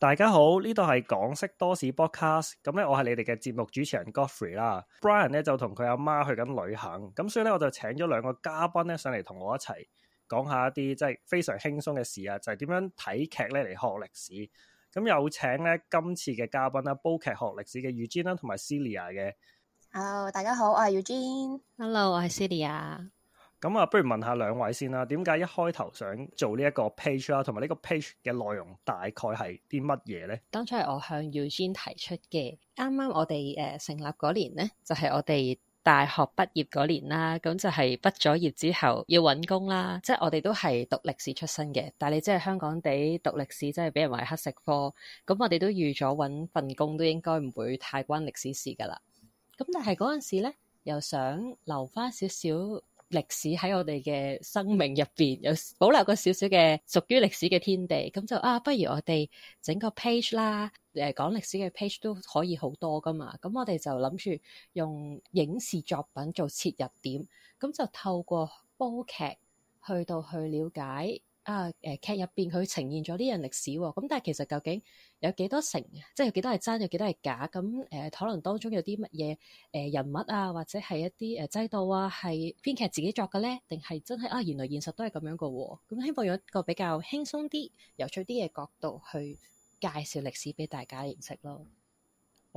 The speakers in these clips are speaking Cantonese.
大家好，呢度係港式多事播客，咁咧我係你哋嘅節目主持人 g o d f r e y 啦。Brian 咧就同佢阿媽去緊旅行，咁所以咧我就請咗兩個嘉賓咧上嚟同我一齊講一下一啲即係非常輕鬆嘅事啊，就係、是、點樣睇劇咧嚟學歷史。咁有請咧今次嘅嘉賓啦，煲劇學歷史嘅 e u g 啦，同埋 Celia 嘅。Hello，大家好，我係 e u g Hello，我係 Celia。咁啊，不如問，問下兩位先啦。點解一開頭想做呢一個 page 啦，同埋呢個 page 嘅內容大概係啲乜嘢咧？當初係我向、e、Eugene 提出嘅。啱啱我哋誒成立嗰年咧，就係、是、我哋大學畢業嗰年啦。咁就係畢咗業之後要搵工啦。即係我哋都係讀歷史出身嘅，但係你知喺香港地讀歷史即係俾人話黑食科。咁我哋都預咗搵份工都應該唔會太關歷史事噶啦。咁但係嗰陣時咧，又想留翻少少。歷史喺我哋嘅生命入邊有保留個少少嘅屬於歷史嘅天地，咁就啊，不如我哋整個 page 啦，誒講歷史嘅 page 都可以好多㗎嘛，咁我哋就諗住用影視作品做切入點，咁就透過煲劇去到去了解。啊！誒劇入邊佢呈現咗呢樣歷史喎、啊，咁但係其實究竟有幾多成，即係有幾多係真，有幾多係假？咁誒，可能當中有啲乜嘢誒人物啊，或者係一啲誒制度啊，係編劇自己作嘅咧，定係真係啊？原來現實都係咁樣個喎、啊。咁希望有一個比較輕鬆啲、有趣啲嘅角度去介紹歷史俾大家認識咯。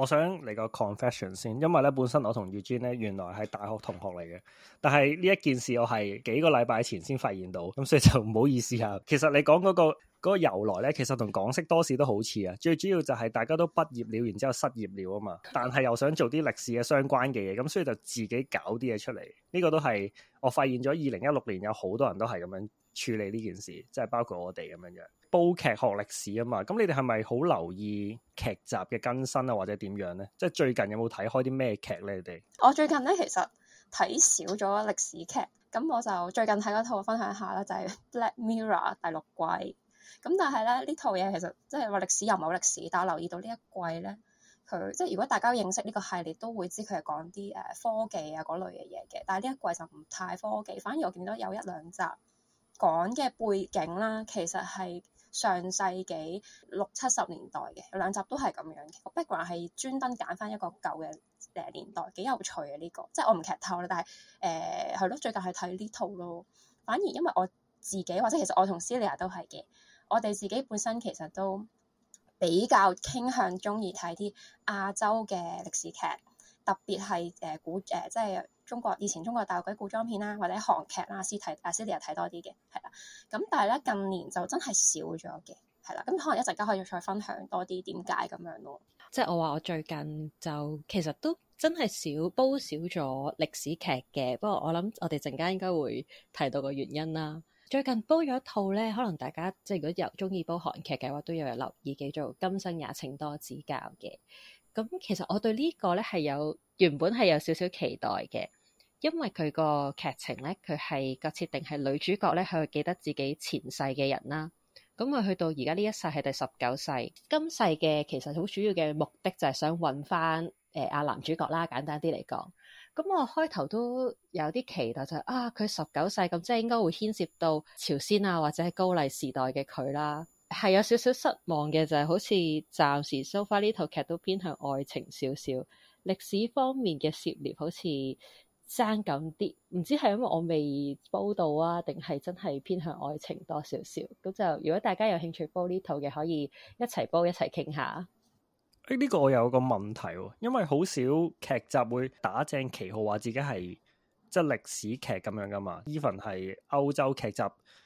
我想嚟個 confession 先，因為咧本身我同 Eugene 咧原來係大學同學嚟嘅，但係呢一件事我係幾個禮拜前先發現到，咁所以就唔好意思啊。其實你講嗰、嗰個那個由來咧，其實同港識多史都好似啊，最主要就係大家都畢業了，然之後失業了啊嘛，但係又想做啲歷史嘅相關嘅嘢，咁所以就自己搞啲嘢出嚟。呢、呢個都係我發現咗二零一六年有好多人都係咁樣處理呢件事，即係包括我哋咁樣樣。煲劇學歷史啊嘛，咁你哋係咪好留意劇集嘅更新啊，或者點樣咧？即係最近有冇睇開啲咩劇咧？你哋我最近咧，其實睇少咗歷史劇，咁我就最近睇嗰套分享下啦，就係《Black Mirror》第六季。咁但係咧呢套嘢其實即係話歷史又冇歷史，但係我留意到呢一季咧，佢即係如果大家認識呢個系列都會知佢係講啲誒科技啊嗰類嘅嘢嘅。但係呢一季就唔太科技，反而我見到有一兩集講嘅背景啦，其實係。上世紀六七十年代嘅，有兩集都係咁樣嘅 background 係專登揀返一個舊嘅誒年代，幾有趣嘅。呢個即係我唔劇透啦，但係誒係咯，最近係睇呢套咯。反而因為我自己或者其實我同 Celia 都係嘅，我哋自己本身其實都比較傾向鍾意睇啲亞洲嘅歷史劇。特別係誒古誒，即係中國以前中國大陸嗰啲古裝片啦，或者韓劇啦，先睇啊 d y 又睇多啲嘅，係啦。咁但係咧近年就真係少咗嘅，係啦。咁可能一陣間可以再分享多啲點解咁樣咯。即係、嗯、我話我最近就其實都真係少煲少咗歷史劇嘅，不過我諗我哋陣間應該會提到個原因啦。最近煲咗一套咧，可能大家即係如果又中意煲韓劇嘅話，都要有留意叫做《今生也請多指教》嘅。咁其實我對呢個咧係有原本係有少少期待嘅，因為佢個劇情咧佢係個設定係女主角咧佢記得自己前世嘅人啦。咁啊去到而家呢一世係第十九世，今世嘅其實好主要嘅目的就係想揾翻誒阿男主角啦，簡單啲嚟講。咁我開頭都有啲期待就係、是、啊，佢十九世咁，即係應該會牽涉到朝鮮啊或者係高麗時代嘅佢啦。係有少少失望嘅，就係、是、好似暫時 so far 呢套劇都偏向愛情少少歷史方面嘅涉獵，好似爭咁啲。唔知係因為我未煲到啊，定係真係偏向愛情多少少咁就？如果大家有興趣煲呢套嘅，可以一齊煲一齊傾下。誒、欸、呢、這個我有個問題，因為好少劇集會打正旗號話自己係即係歷史劇咁樣噶嘛？even 係歐洲劇集，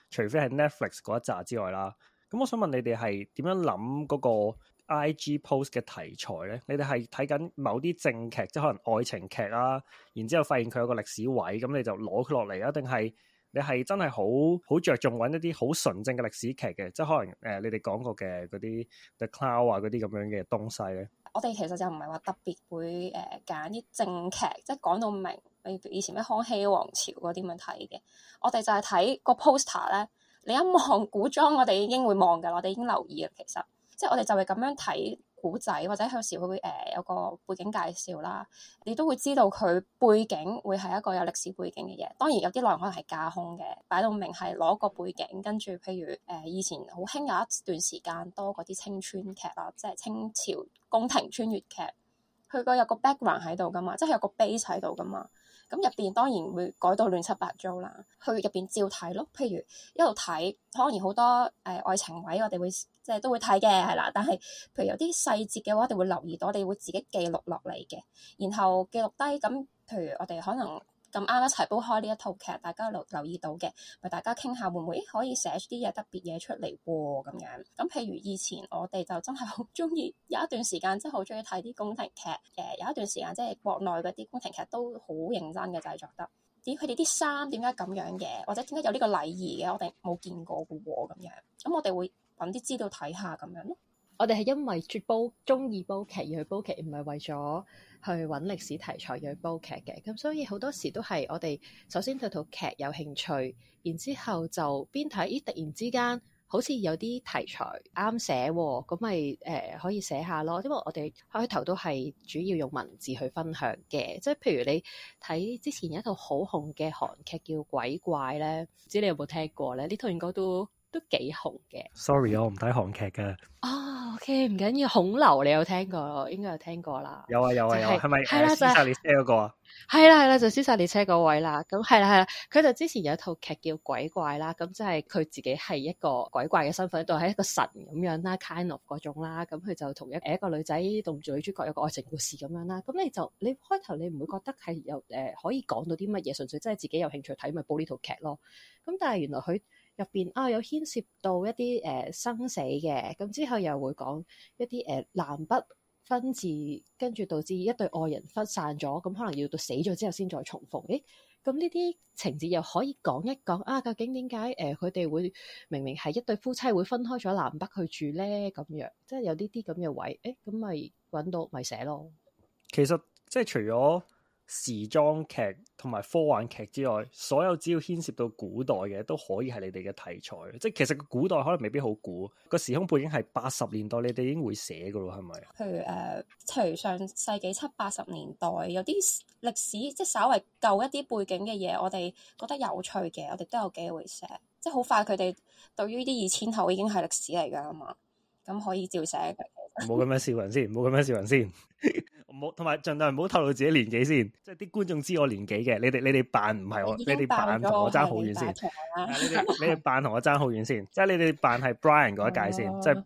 除非係 Netflix 嗰一紮之外啦。咁，我想問你哋係點樣諗嗰個 IG Post 嘅題材咧？你哋係睇緊某啲正劇，即係可能愛情劇啦、啊，然之後發現佢有個歷史位，咁你就攞佢落嚟啊？定係你係真係好好着重揾一啲好純正嘅歷史劇嘅，即係可能誒、呃，你哋講過嘅嗰啲 The Cloud 啊，嗰啲咁樣嘅東西咧？我哋其實就唔係話特別會誒揀啲正劇，即係講到明，你以前咩康熙王朝嗰啲咁樣睇嘅。我哋就係睇個 poster 咧。你一望古裝，我哋已經會望㗎啦，我哋已經留意喇。其實，即係我哋就係咁樣睇古仔，或者有時會誒、呃、有個背景介紹啦，你都會知道佢背景會係一個有歷史背景嘅嘢。當然有啲內容可能係架空嘅，擺到明係攞個背景，跟住譬如誒、呃、以前好興有一段時間多嗰啲青春劇啦，即係清朝宮廷穿越劇，佢個有個 background 喺度噶嘛，即係有個 base 喺度噶嘛。咁入邊當然會改到亂七八糟啦，去入邊照睇咯。譬如一路睇，可能好多誒、呃、愛情位我，我哋會即係都會睇嘅係啦。但係譬如有啲細節嘅話，我哋會留意到，我哋會自己記錄落嚟嘅。然後記錄低咁，譬如我哋可能。咁啱一齊煲開呢一套劇，大家留留意到嘅，咪大家傾下會唔會可以寫出啲嘢特別嘢出嚟喎？咁樣咁，譬如以前我哋就真係好中意，有一段時間真係好中意睇啲宮廷劇。誒，有一段時間即係、就是、國內嗰啲宮廷劇都好認真嘅製作得。點佢哋啲衫點解咁樣嘅？或者點解有呢個禮儀嘅，我哋冇見過嘅喎咁樣。咁我哋會揾啲資料睇下咁樣。我哋係因為絕煲中意煲劇而去煲劇，唔係為咗去揾歷史題材而去煲劇嘅。咁所以好多時都係我哋首先對套劇有興趣，然之後就邊睇咦，突然之間好似有啲題材啱寫，咁咪誒可以寫下咯。因為我哋開頭都係主要用文字去分享嘅，即係譬如你睇之前有一套好紅嘅韓劇叫《鬼怪》咧，唔知你有冇聽過咧？呢套應該都都幾紅嘅。Sorry，我唔睇韓劇嘅。啊！O K，唔緊要，孔劉你有聽過，應該有聽過啦。有啊有啊，有係咪係？屍殺列車嗰個啊？係啦係啦，就屍殺列車嗰位啦。咁係啦係啦，佢就，就之前有一套劇叫《鬼怪》啦。咁即係佢自己係一個鬼怪嘅身份，度係一個神咁樣啦，kind of 嗰種啦。咁佢就同一誒一,一個女仔同住女主角，有個愛情故事咁樣啦。咁你就你開頭你唔會覺得係有誒、呃、可以講到啲乜嘢，純粹即係自己有興趣睇咪煲呢套劇咯。咁但係原來佢。入邊啊，有牽涉到一啲誒、呃、生死嘅，咁之後又會講一啲誒、呃、南北分治，跟住導致一對愛人分散咗，咁可能要到死咗之後先再重逢。誒、欸，咁呢啲情節又可以講一講啊？究竟點解誒佢哋會明明係一對夫妻會分開咗南北去住呢？咁樣即係有呢啲咁嘅位，誒、欸，咁咪揾到咪寫咯。其實即係除咗。時裝劇同埋科幻劇之外，所有只要牽涉到古代嘅都可以係你哋嘅題材。即係其實個古代可能未必好古，個時空背景係，呃、八十年代，你哋已經會寫噶咯，係咪？譬如誒，譬如上世紀七八十年代有啲歷史，即係稍微舊一啲背景嘅嘢，我哋覺得有趣嘅，我哋都有機會寫。即係好快，佢哋對於呢啲二千後已經係歷史嚟噶啦嘛，咁可以照寫嘅。冇咁樣笑人先，冇咁樣笑人先。冇同埋，盡量唔好透露自己年紀先，即係啲觀眾知我年紀嘅。你哋你哋扮唔係我，你哋扮同我爭好遠先。你哋扮同我爭好遠先， 即係你哋扮係 Brian 嗰一屆先，即係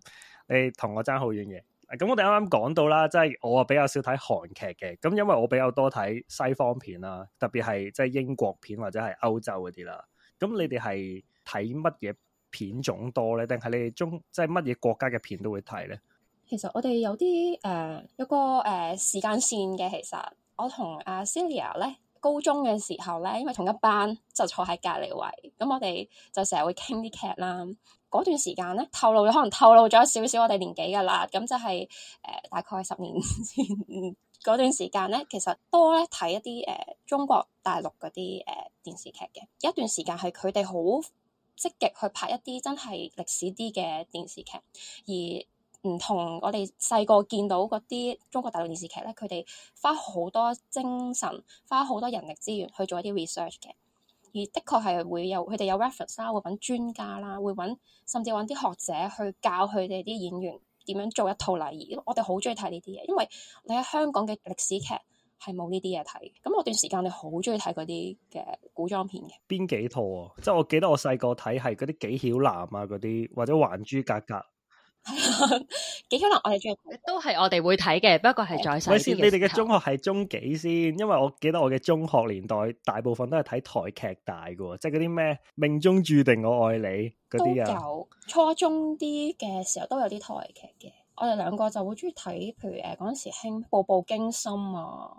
你同我爭好遠嘅。咁 我哋啱啱講到啦，即係我比較少睇韓劇嘅。咁因為我比較多睇西方片啦，特別係即係英國片或者係歐洲嗰啲啦。咁你哋係睇乜嘢片種多咧？定係你哋中即係乜嘢國家嘅片都會睇咧？其實我哋有啲誒、呃，有個誒、呃、時間線嘅。其實我同阿、啊、Celia 咧，高中嘅時候咧，因為同一班就坐喺隔籬位，咁我哋就成日會傾啲劇啦。嗰段時間咧，透露可能透露咗少少我哋年紀噶啦。咁就係、是、誒、呃，大概十年前嗰 段時間咧，其實多咧睇一啲誒、呃、中國大陸嗰啲誒電視劇嘅。一段時間係佢哋好積極去拍一啲真係歷史啲嘅電視劇，而唔同我哋細個見到嗰啲中國大陸電視劇咧，佢哋花好多精神，花好多人力資源去做一啲 research 嘅。而的確係會有，佢哋有 reference 啦，會搵專家啦，會搵，甚至搵啲學者去教佢哋啲演員點樣做一套禮儀。我哋好中意睇呢啲嘢，因為你喺香港嘅歷史劇係冇呢啲嘢睇。咁嗰段時間，你好中意睇嗰啲嘅古裝片嘅。邊幾套啊？即係我記得我細個睇係嗰啲《紀曉嵐》啊，嗰啲或者《還珠格格》。係啊， 幾可能我哋仲都係我哋會睇嘅，不過係再細。唔係先，你哋嘅中學係中幾先？因為我記得我嘅中學年代大部分都係睇台劇大嘅，即係嗰啲咩命中注定我愛你嗰啲啊。有初中啲嘅時候都有啲台劇嘅，我哋兩個就好中意睇，譬如誒嗰陣時興步步驚心啊、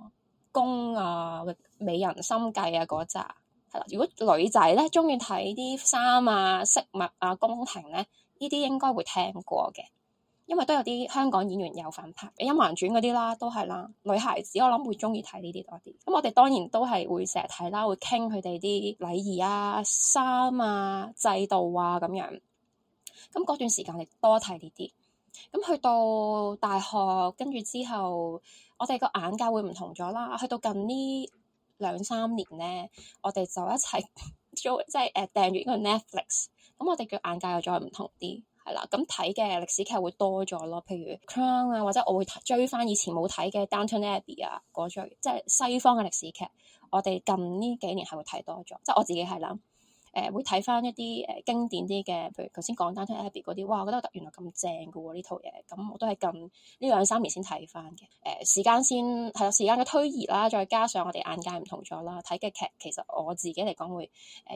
宮啊、美人心計啊嗰扎。如果女仔咧中意睇啲衫啊、飾物啊、宮廷咧。呢啲應該會聽過嘅，因為都有啲香港演員有份拍《甄嬛傳》嗰啲啦，都係啦。女孩子我諗會中意睇呢啲多啲。咁我哋當然都係會成日睇啦，會傾佢哋啲禮儀啊、衫啊、制度啊咁樣。咁嗰段時間你多睇呢啲。咁去到大學跟住之後，我哋個眼界會唔同咗啦。去到近呢兩三年呢，我哋就一齊。 即係誒、呃，訂閱呢個 Netflix 咁，我哋嘅眼界又再唔同啲係啦。咁睇嘅歷史劇會多咗咯，譬如 Crown 啊，或者我會追翻以前冇睇嘅 Downton Abbey 啊嗰類，即係西方嘅歷史劇。我哋近呢幾年係會睇多咗，即係我自己係諗。誒、呃、會睇翻一啲誒、呃、經典啲嘅，譬如頭先講《Downton Abbey》嗰啲，哇，我覺得原來咁正㗎喎呢套嘢。咁我都係近呢兩三年先睇翻嘅。誒、呃、時間先係咯，時間嘅推移啦，再加上我哋眼界唔同咗啦，睇嘅劇其實我自己嚟講會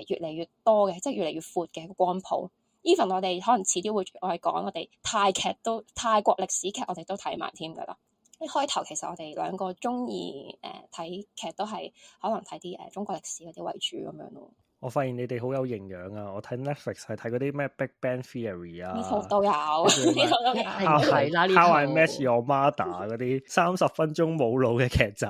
誒越嚟越多嘅，即係越嚟越闊嘅光譜。Even 我哋可能遲啲會我係講我哋泰劇都泰國歷史劇，我哋都睇埋添㗎啦。一開頭其實我哋兩個中意誒睇劇都係可能睇啲誒中國歷史嗰啲為主咁樣咯。我發現你哋好有營養啊！我睇 Netflix 係睇嗰啲咩《Big Bang Theory》啊，呢套都有，呢套都有。係啦，呢套。《How I Met Your Mother》嗰啲三十分鐘冇腦嘅劇集，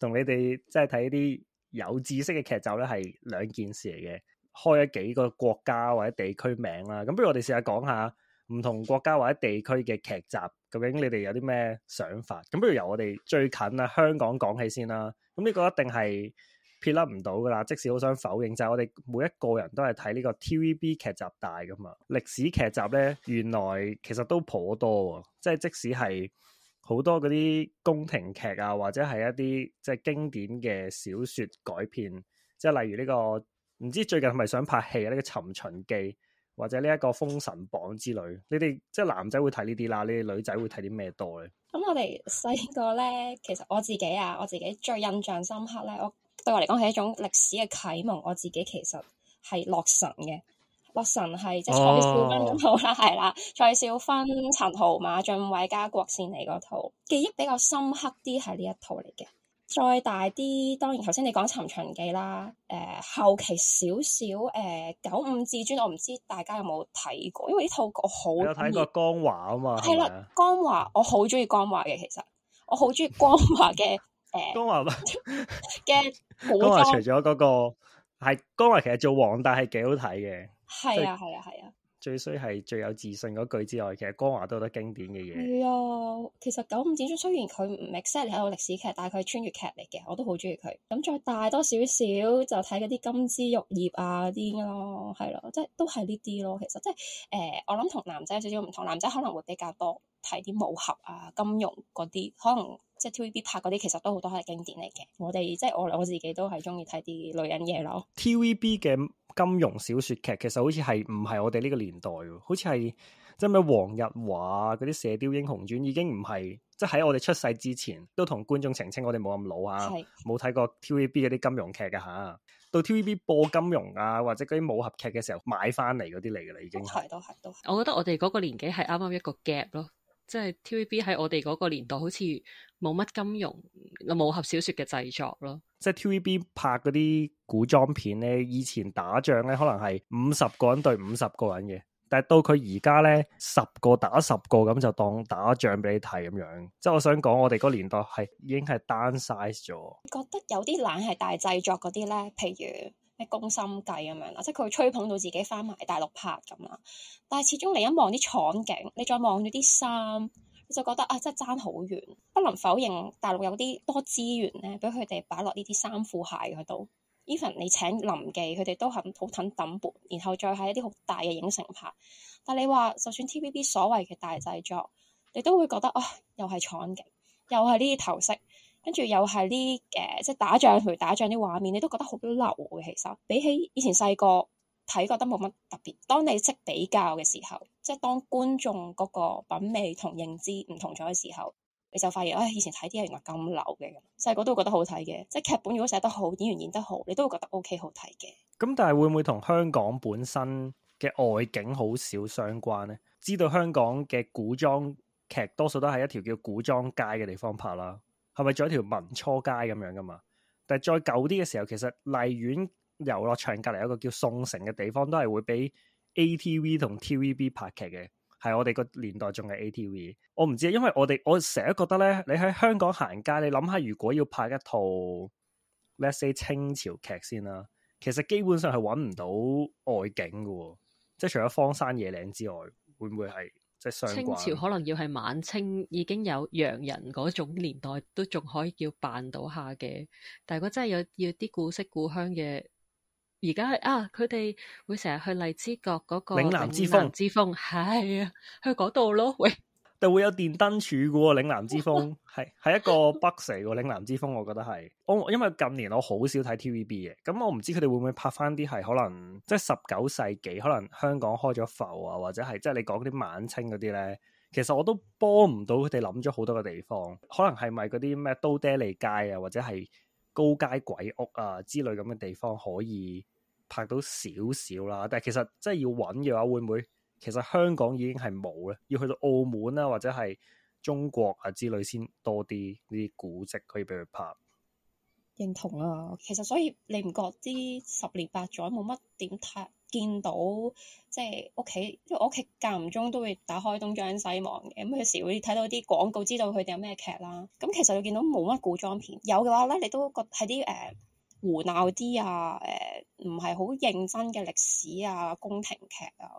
同 你哋即係睇啲有知識嘅劇集咧，係兩件事嚟嘅。開咗幾個國家或者地區名啦，咁不如我哋試下講下唔同國家或者地區嘅劇集，究竟你哋有啲咩想法？咁不如由我哋最近啊香港講起先啦。咁呢個一定係。撇甩唔到噶啦，即使好想否認，就係我哋每一個人都係睇呢個 TVB 劇集大噶嘛。歷史劇集咧，原來其實都頗多，即係即使係好多嗰啲宮廷劇啊，或者係一啲即係經典嘅小説改編，即係例如呢個唔知最近係咪想拍戲呢個《尋秦記》，或者呢一個《封神榜》之類。你哋即係男仔會睇呢啲啦，你哋女仔會睇啲咩多咧？咁我哋細個咧，其實我自己啊，我自己最印象深刻咧，我。對我嚟講係一種歷史嘅啟蒙，我自己其實係洛神嘅，洛神係即係蔡少芬咁好啦，係啦、oh.，蔡少芬、陳豪、馬浚偉加郭羨妮嗰套記憶比較深刻啲，係呢一套嚟嘅。再大啲，當然頭先你講《尋秦記》啦，誒、呃，後期少少誒，呃《九五至尊》，我唔知大家有冇睇過，因為呢套我好有睇過江華啊嘛，係啦，江華我好中意江華嘅，其實我好中意江華嘅。 江華嘅，江華除咗嗰、那個係江華，其實做皇帝係幾好睇嘅，係啊係啊係啊。以啊啊最衰係最有自信嗰句之外，其實江華都有得經典嘅嘢。係啊，其實《九五至尊》雖然佢唔 exact 係套歷史劇，但係佢係穿越劇嚟嘅，我都好中意佢。咁再大多少少就睇嗰啲《金枝玉葉、啊》啊啲咯，係咯，即係都係呢啲咯。其實即係誒，我諗同男仔有少少唔同，男仔可能會比較多睇啲武俠啊、金庸嗰啲可能。即係 TVB 拍嗰啲，其實都好多係經典嚟嘅。我哋即係我我自己都係中意睇啲女人嘢咯。TVB 嘅金庸小説劇其實好似係唔係我哋呢個年代，好似係即係咩黃日華嗰啲《射雕英雄傳》，已經唔係即係喺我哋出世之前都同觀眾澄清，我哋冇咁老啊，冇睇是過 TVB 嗰啲金庸劇嘅吓、啊，到 TVB 播金庸啊，或者嗰啲武俠劇嘅時候買翻嚟嗰啲嚟嘅啦，已經係都係都係。我覺得我哋嗰個年紀係啱啱一個 gap 咯。即係 TVB 喺我哋嗰個年代，好似冇乜金庸武俠小說嘅製作咯。即係 TVB 拍嗰啲古裝片咧，以前打仗咧可能係五十個人對五十個人嘅，但係到佢而家咧十個打十個咁就當打仗俾你睇咁樣。即係我想講，我哋嗰個年代係已經係 downsize 咗。覺得有啲冷係大製作嗰啲咧，譬如。咩宮心計咁樣啦，即係佢會吹捧到自己翻埋大陸拍咁啦。但係始終你一望啲廠景，你再望住啲衫，你就覺得啊，真係爭好遠。不能否認大陸有啲多資源咧，俾佢哋擺落呢啲衫褲鞋嗰度。Even 你請林記，佢哋都肯好肯抌盤，然後再係一啲好大嘅影城拍。但係你話，就算 TVB 所謂嘅大製作，你都會覺得啊，又係廠景，又係呢啲頭飾。跟住又係呢誒即係打仗，譬如打仗啲畫面，你都覺得好流嘅。其實比起以前細個睇，覺得冇乜特別。當你識比較嘅時候，即係當觀眾嗰個品味同認知唔同咗嘅時候，你就發現，誒、哎，以前睇啲嘢原來咁流嘅。細個都會覺得好睇嘅，即係劇本如果寫得好，演員演得好，你都會覺得 OK，好睇嘅。咁但係會唔會同香港本身嘅外景好少相關呢？知道香港嘅古裝劇多數都喺一條叫古裝街嘅地方拍啦。係咪仲有條民初街咁樣噶嘛？但係再舊啲嘅時候，其實荔園遊樂場隔籬有個叫宋城嘅地方，都係會俾 ATV 同 TVB 拍劇嘅。係我哋個年代仲係 ATV，我唔知，因為我哋我成日覺得咧，你喺香港行街，你諗下如果要拍一套，let’s say 清朝劇先啦，其實基本上係搵唔到外景噶哦，即係除咗荒山野嶺之外，會唔會係？清朝可能要係晚清已經有洋人嗰種年代，都仲可以叫扮到下嘅。但係如果真係有要啲古色古香嘅，而家啊，佢哋會成日去荔枝角嗰、嗰個嶺南之風，之風，係啊，去嗰度咯，喂。就會有電燈柱嘅喎、哦，《嶺南之風》係係一個北射喎，《嶺南之風》我覺得係，我因為近年我好少睇 T V B 嘅，咁我唔知佢哋會唔會拍翻啲係可能即係十九世紀，可能香港開咗埠啊，或者係即係你講啲晚清嗰啲咧，其實我都幫唔到佢哋諗咗好多個地方，可能係咪嗰啲咩都爹利街啊，或者係高街鬼屋啊之類咁嘅地方可以拍到少少啦，但係其實即係要揾嘅話，會唔會？其實香港已經係冇咧，要去到澳門啊，或者係中國啊之類先多啲呢啲古跡可以俾佢拍。認同啊，其實所以你唔覺啲十年八載冇乜點睇見到即係屋企，因為我屋企間唔中都會打開東張西望嘅咁，有時會睇到啲廣告，知道佢哋有咩劇啦。咁其實你見到冇乜古裝片，有嘅話咧，你都覺係啲誒胡鬧啲啊，誒唔係好認真嘅歷史啊，宮廷劇啊。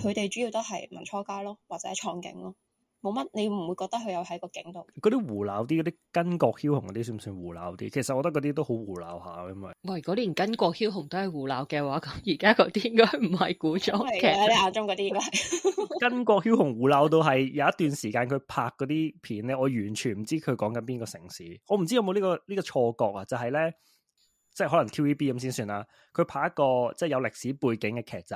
佢哋主要都係文初街咯，或者創景咯，冇乜，你唔會覺得佢有喺個景度？嗰啲胡鬧啲，嗰啲巾幗梟雄嗰啲算唔算胡鬧啲？其實我覺得嗰啲都好胡鬧下嘅嘛。因為喂，嗰啲連巾幗梟雄都係胡鬧嘅話，咁而家嗰啲應該唔係古裝劇。喺你眼中嗰啲，應該係巾幗梟雄胡鬧到係有一段時間佢拍嗰啲片咧，我完全唔知佢講緊邊個城市。我唔知有冇呢個呢個錯覺啊？就係咧，即係可能 TVB 咁先算啦。佢拍一個即係有歷史背景嘅劇集。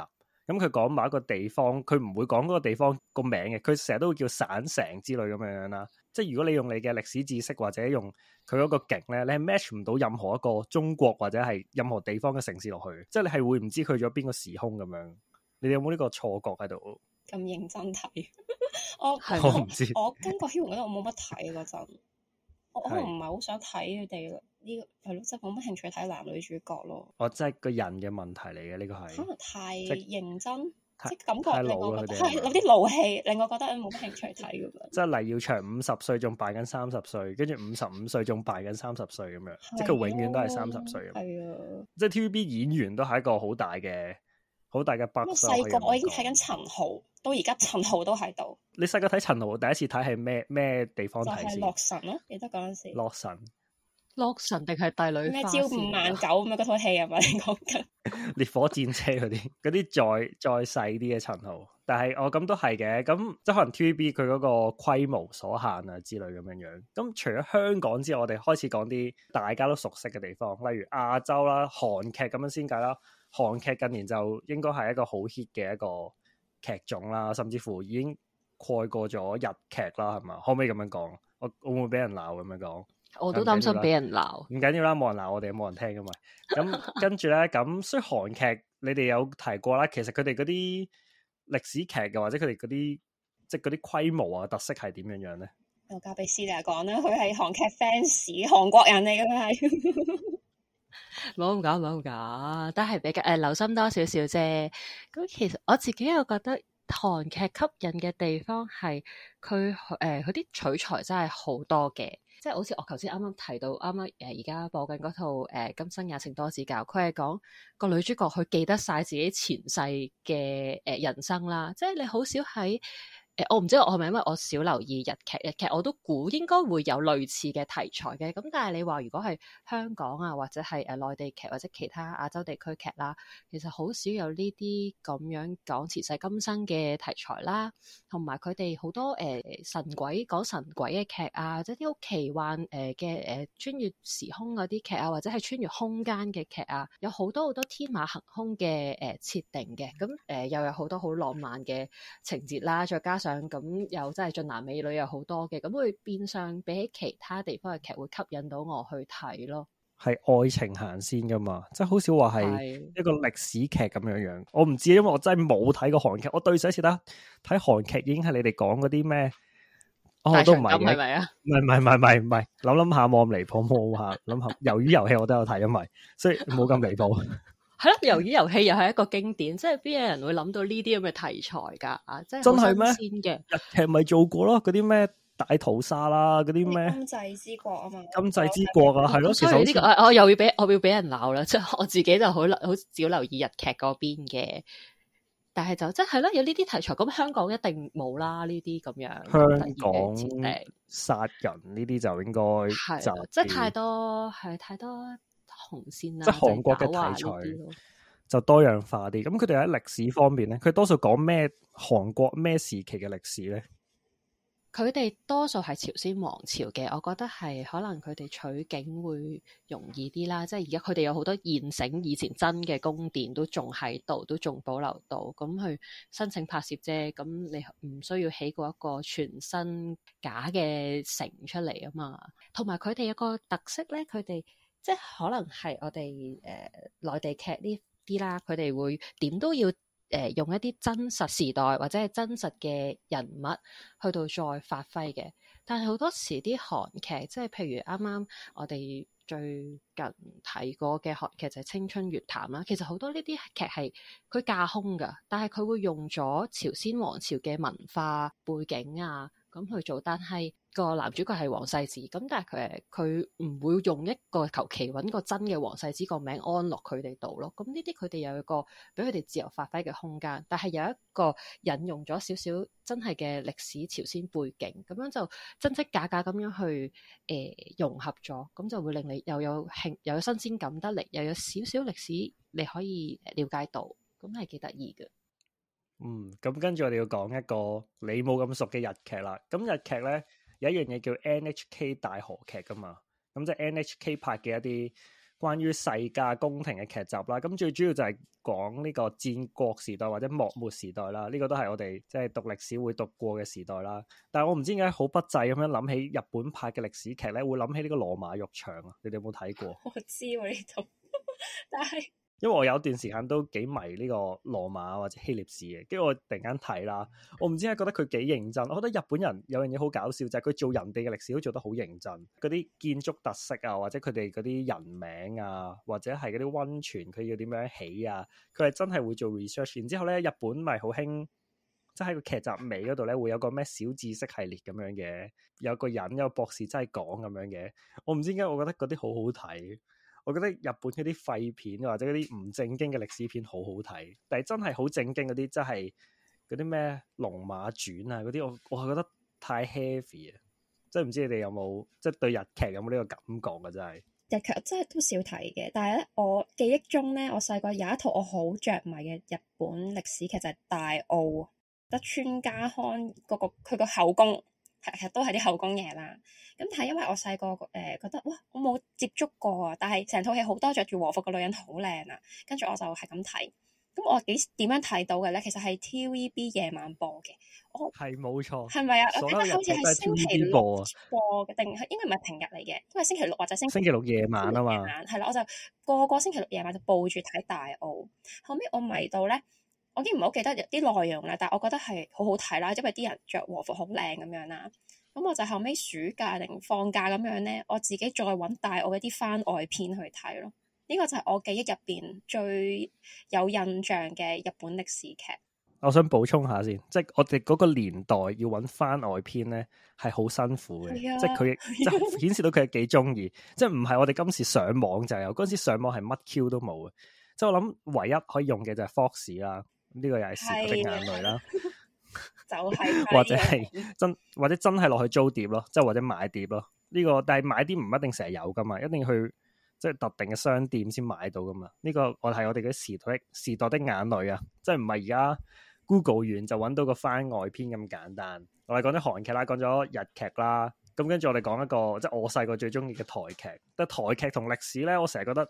咁佢講某一個地方，佢唔會講嗰個地方個名嘅，佢成日都會叫省城之類咁樣樣啦。即係如果你用你嘅歷史知識或者用佢嗰個景咧，你係 match 唔到任何一個中國或者係任何地方嘅城市落去。即係你係會唔知去咗邊個時空咁樣。你哋有冇呢個錯覺喺度？咁認真睇， 我我唔知，我跟《國曉龍》我冇乜睇嗰陣，我我唔係好想睇佢哋呢個係咯，即係冇乜興趣睇男女主角咯。哦，即係個人嘅問題嚟嘅呢個係。可能太認真，即係感覺太老，令我覺得有啲怒氣，令我覺得冇乜興趣睇咁樣。即係黎耀祥五十歲仲扮緊三十歲，跟住五十五歲仲扮緊三十歲咁樣，即係佢永遠都係三十歲。係啊，即係 TVB 演員都係一個好大嘅、好大嘅 bug。細個我已經睇緊陳豪，到而家陳豪都喺度。你細個睇陳豪，第一次睇係咩咩地方睇先？洛神咯，記得陣時。洛神。洛神定係帝女花咩招五萬九咁啊？嗰套戲啊，係咪你講緊。烈火戰車嗰啲，嗰啲再再細啲嘅陳豪。但係我咁都係嘅，咁即係可能 TVB 佢嗰個規模所限啊之類咁樣樣。咁除咗香港之外，我哋開始講啲大家都熟悉嘅地方，例如亞洲啦、韓劇咁樣先計啦。韓劇近年就應該係一個好 hit 嘅一個劇種啦，甚至乎已經蓋過咗日劇啦，係嘛？可唔可以咁樣講？我會唔會俾人鬧咁樣講？我都擔心俾人鬧，唔緊要啦。冇人鬧，我哋冇人聽噶嘛。咁跟住咧，咁雖然韓劇你哋有提過啦。其實佢哋嗰啲歷史劇嘅，或者佢哋嗰啲即係嗰啲規模啊，特色係點樣樣咧？我交俾師弟講啦，佢係韓劇 fans，韓國人嚟噶，係冇唔假冇唔假，但係比較誒、呃、留心多少少啫。咁其實我自己又覺得韓劇吸引嘅地方係佢誒佢啲取材真係好多嘅。即係好似我頭先啱啱提到，啱啱誒而家播緊嗰套誒、呃《今生也請多指教》，佢係講個女主角去記得晒自己前世嘅誒人生啦，即係你好少喺。誒，哦、道我唔知我係咪因為我少留意日劇日劇我都估應該會有類似嘅題材嘅。咁但係你話如果係香港啊，或者係誒內地劇或者其他亞洲地區劇啦，其實好少有呢啲咁樣講前世今生嘅題材啦。同埋佢哋好多誒、呃、神鬼講神鬼嘅劇啊，即係啲好奇幻誒嘅誒穿越時空嗰啲劇啊，或者係穿、呃越,啊、越空間嘅劇啊，有好多好多天馬行空嘅誒設定嘅。咁誒、呃、又有好多好浪漫嘅情節啦，再加上。咁、嗯、又真係俊男美女又好多嘅，咁會變相比起其他地方嘅劇，會吸引到我去睇咯。係愛情行先噶嘛，即係好少話係一個歷史劇咁樣樣。的我唔知，因為我真係冇睇過韓劇。我對上一次啦，睇韓劇已經係你哋講嗰啲咩？哦，都唔係唔係唔係唔係唔係唔係，諗諗下冇咁離譜。我下，諗下，魷魚遊戲我都有睇，因為所以冇咁離譜。 係啦，魷魚遊戲又係一個經典，即係邊有人會諗到呢啲咁嘅題材噶啊！即係真係咩？日劇咪做過咯，嗰啲咩大逃殺啦，嗰啲咩今際之國啊嘛，今際之國啊，係咯、啊。嗯、對其實呢、這個我又要俾我要俾人鬧啦，即係我自己就好好少留意日劇嗰邊嘅。但係就即係啦、嗯，有呢啲題材，咁香港一定冇啦呢啲咁樣。香港殺人呢啲就應該就、嗯、即係太多，係太多。紅線啦，即係韓國嘅題材就多樣化啲。咁佢哋喺歷史方面咧，佢多數講咩？韓國咩時期嘅歷史咧？佢哋多數係朝鮮王朝嘅，我覺得係可能佢哋取景會容易啲啦。即係而家佢哋有好多現成以前真嘅宮殿都仲喺度，都仲保留到。咁去申請拍攝啫。咁你唔需要起過一個全新假嘅城出嚟啊嘛。同埋佢哋有，有一個特色咧，佢哋。即係可能係我哋誒、呃、內地劇呢啲啦，佢哋會點都要誒、呃、用一啲真實時代或者係真實嘅人物去到再發揮嘅。但係好多時啲韓劇，即係譬如啱啱我哋最近睇過嘅韓劇就係、是《青春月談月譚》啦。其實好多呢啲劇係佢架空㗎，但係佢會用咗朝鮮王朝嘅文化背景啊。咁去、嗯、做，但、那、係個男主角係王世子，咁但係佢佢唔會用一個求其搵個真嘅王世子名、嗯嗯、個名安落佢哋度咯。咁呢啲佢哋又有個俾佢哋自由發揮嘅空間，但係有一個引用咗少少真係嘅歷史朝鮮背景，咁樣就真真假假咁樣去誒、呃、融合咗，咁就會令你又有興又有新鮮感得嚟，又有少少歷史你可以了解到，咁係幾得意嘅。嗯，咁跟住我哋要講一個你冇咁熟嘅日劇啦。咁日劇咧有一樣嘢叫 NHK 大河劇噶嘛，咁即係 NHK 拍嘅一啲關於世界、宮廷嘅劇集啦。咁最主要就係講呢個戰國時代或者幕末時代啦。呢、這個都係我哋即係讀歷史會讀過嘅時代啦。但係我唔知點解好不濟咁樣諗起日本拍嘅歷史劇咧，會諗起呢個羅馬浴場啊。你哋有冇睇過？我知呢套，但係。因為我有段時間都幾迷呢個羅馬或者希臘史嘅，跟住我突然間睇啦，我唔知係覺得佢幾認真，我覺得日本人有樣嘢好搞笑就係、是、佢做人哋嘅歷史都做得好認真，嗰啲建築特色啊，或者佢哋嗰啲人名啊，或者係嗰啲温泉，佢要點樣起啊，佢係真係會做 research。然之後咧，日本咪好興，即、就、係、是、個劇集尾嗰度咧會有個咩小知識系列咁樣嘅，有個人有個博士真係講咁樣嘅，我唔知點解我覺得嗰啲好好睇。我覺得日本嗰啲廢片或者嗰啲唔正經嘅歷史片好好睇，但係真係好正經嗰啲，真係嗰啲咩《龍馬傳》啊嗰啲，我我係覺得太 heavy 啊！即係唔知你哋有冇即係對日劇有冇呢個感覺啊？劇真係日劇真係都少睇嘅，但係咧我記憶中咧，我細個有一套我好着迷嘅日本歷史劇就係《大奧》、《德川家康嗰個佢個後宮。其實都係啲後宮嘢啦。咁但係因為我細個誒覺得，哇，我冇接觸過啊。但係成套戲好多着住和服嘅女人好靚啊。跟住我就係咁睇。咁我幾點樣睇到嘅咧？其實係 TVB 夜晚播嘅。我係冇錯。係咪啊？是是我記得好似係星期六播嘅，定係應該唔係平日嚟嘅，因為星期六或者星星期六夜晚啊嘛。係啦，我就個個星期六夜晚就報住睇大奧。後尾我迷到咧。我已經唔好記得啲內容啦，但係我覺得係好好睇啦，因為啲人着和服好靚咁樣啦。咁我就後尾暑假定放假咁樣咧，我自己再揾大我一啲番外篇去睇咯。呢個就係我記憶入邊最有印象嘅日本歷史劇。我想補充下先，即係我哋嗰個年代要揾番外篇咧係好辛苦嘅，即係佢顯示到佢係幾中意，即係唔係我哋今時上網就有，嗰陣時上網係乜 Q 都冇嘅，即係我諗唯一可以用嘅就係 Fox 啦。呢個又係時代的眼淚啦，就係 或者係真或者真係落去租碟咯，即係或者買碟咯。呢、這個但係買啲唔一定成日有噶嘛，一定要去即係、就是、特定嘅商店先買到噶嘛。呢、這個我係我哋嘅時代時代的眼淚啊，即係唔係而家 Google 完就揾到個番外篇咁簡單。我哋講咗韓劇啦，講咗日劇啦，咁跟住我哋講一個即係、就是、我細個最中意嘅台劇。但係台劇同歷史咧，我成日覺得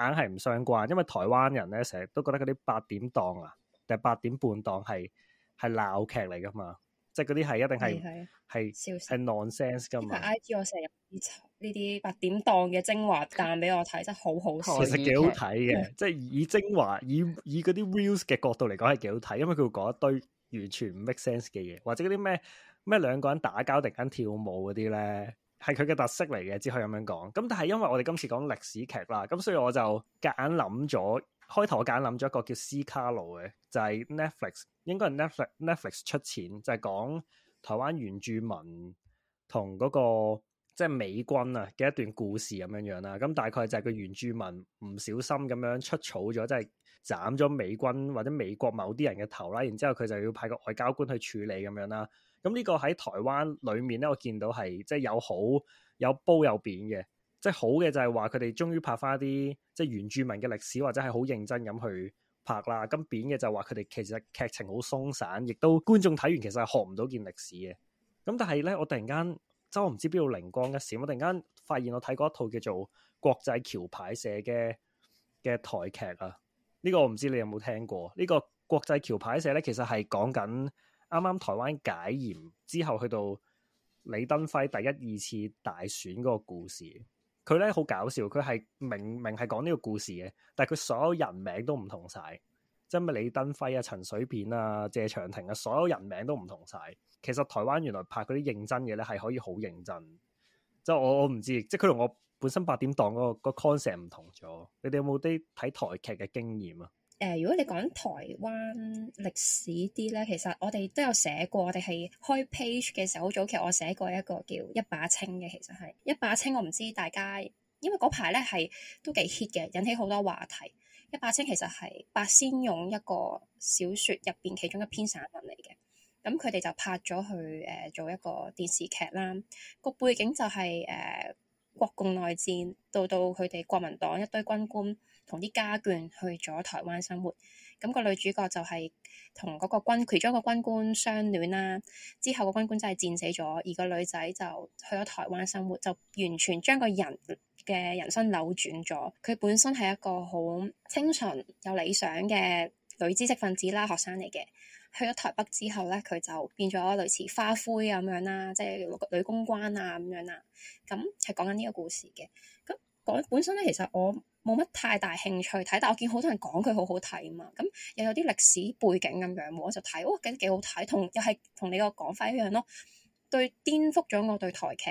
硬係唔相關，因為台灣人咧成日都覺得嗰啲八點檔啊。但係八點半檔係係鬧劇嚟噶嘛？即係嗰啲係一定係係係 non sense 噶嘛？I G 我成日呢啲呢啲八點檔嘅精華彈俾我睇，真係好好睇。是是其實幾好睇嘅， 即係以精華以以嗰啲 reels 嘅角度嚟講係幾好睇，因為佢會講一堆完全唔 make sense 嘅嘢，或者嗰啲咩咩兩個人打交突然間跳舞嗰啲咧，係佢嘅特色嚟嘅，只可以咁樣講。咁但係因為我哋今次講歷史劇啦，咁所以我就夾硬諗咗。開頭我揀諗咗一個叫《斯卡羅》嘅，就係、是、Netflix，應該係 Netflix Netflix 出錢，就係、是、講台灣原住民同嗰、那個即係、就是、美軍啊嘅一段故事咁樣樣啦。咁大概就係個原住民唔小心咁樣出草咗，即係斬咗美軍或者美國某啲人嘅頭啦。然之後佢就要派個外交官去處理咁樣啦。咁呢個喺台灣裏面咧，我見到係即係有好有褒有貶嘅。即係好嘅，就係話佢哋終於拍翻啲即係原住民嘅歷史，或者係好認真咁去拍啦。咁扁嘅就話佢哋其實劇情好鬆散，亦都觀眾睇完其實係學唔到件歷史嘅。咁但係呢，我突然間即係我唔知邊度靈光一閃，我突然間發現我睇過一套叫做《國際橋牌社》嘅嘅台劇啊。呢個我唔知你有冇聽過？呢個《國際橋牌社》呢，其實係講緊啱啱台灣解嚴之後去到李登輝第一二次大選嗰個故事。佢咧好搞笑，佢係明明係講呢個故事嘅，但係佢所有人名都唔同晒，即係咪李登輝啊、陳水扁啊、謝長廷啊，所有人名都唔同晒。其實台灣原來拍嗰啲認真嘅咧，係可以好認真。即係我我唔知，即係佢同我本身八點檔嗰個個 concept 唔同咗。你哋有冇啲睇台劇嘅經驗啊？誒，如果你講台灣歷史啲咧，其實我哋都有寫過。我哋係開 page 嘅時候好早期我寫過一個叫一《一把青》嘅，其實係《一把青》，我唔知大家因為嗰排咧係都幾 hit 嘅，引起好多話題。《一把青》其實係白先勇一個小説入邊其中一篇散文嚟嘅。咁佢哋就拍咗去誒、呃、做一個電視劇啦。個背景就係、是、誒、呃、國共內戰，到到佢哋國民黨一堆軍官。同啲家眷去咗台灣生活，咁、那個女主角就係同嗰個軍其中一個軍官相戀啦、啊。之後個軍官就係戰死咗，而個女仔就去咗台灣生活，就完全將個人嘅人生扭轉咗。佢本身係一個好清純有理想嘅女知識分子啦，學生嚟嘅。去咗台北之後咧，佢就變咗類似花魁咁樣啦，即係女公關啊咁樣啦。咁係講緊呢個故事嘅咁。本身咧，其實我冇乜太大興趣睇，但我見好多人講佢好好睇嘛，咁又有啲歷史背景咁樣，我就睇，哇、哦，覺得幾好睇，同又係同你個講法一樣咯，對顛覆咗我對台劇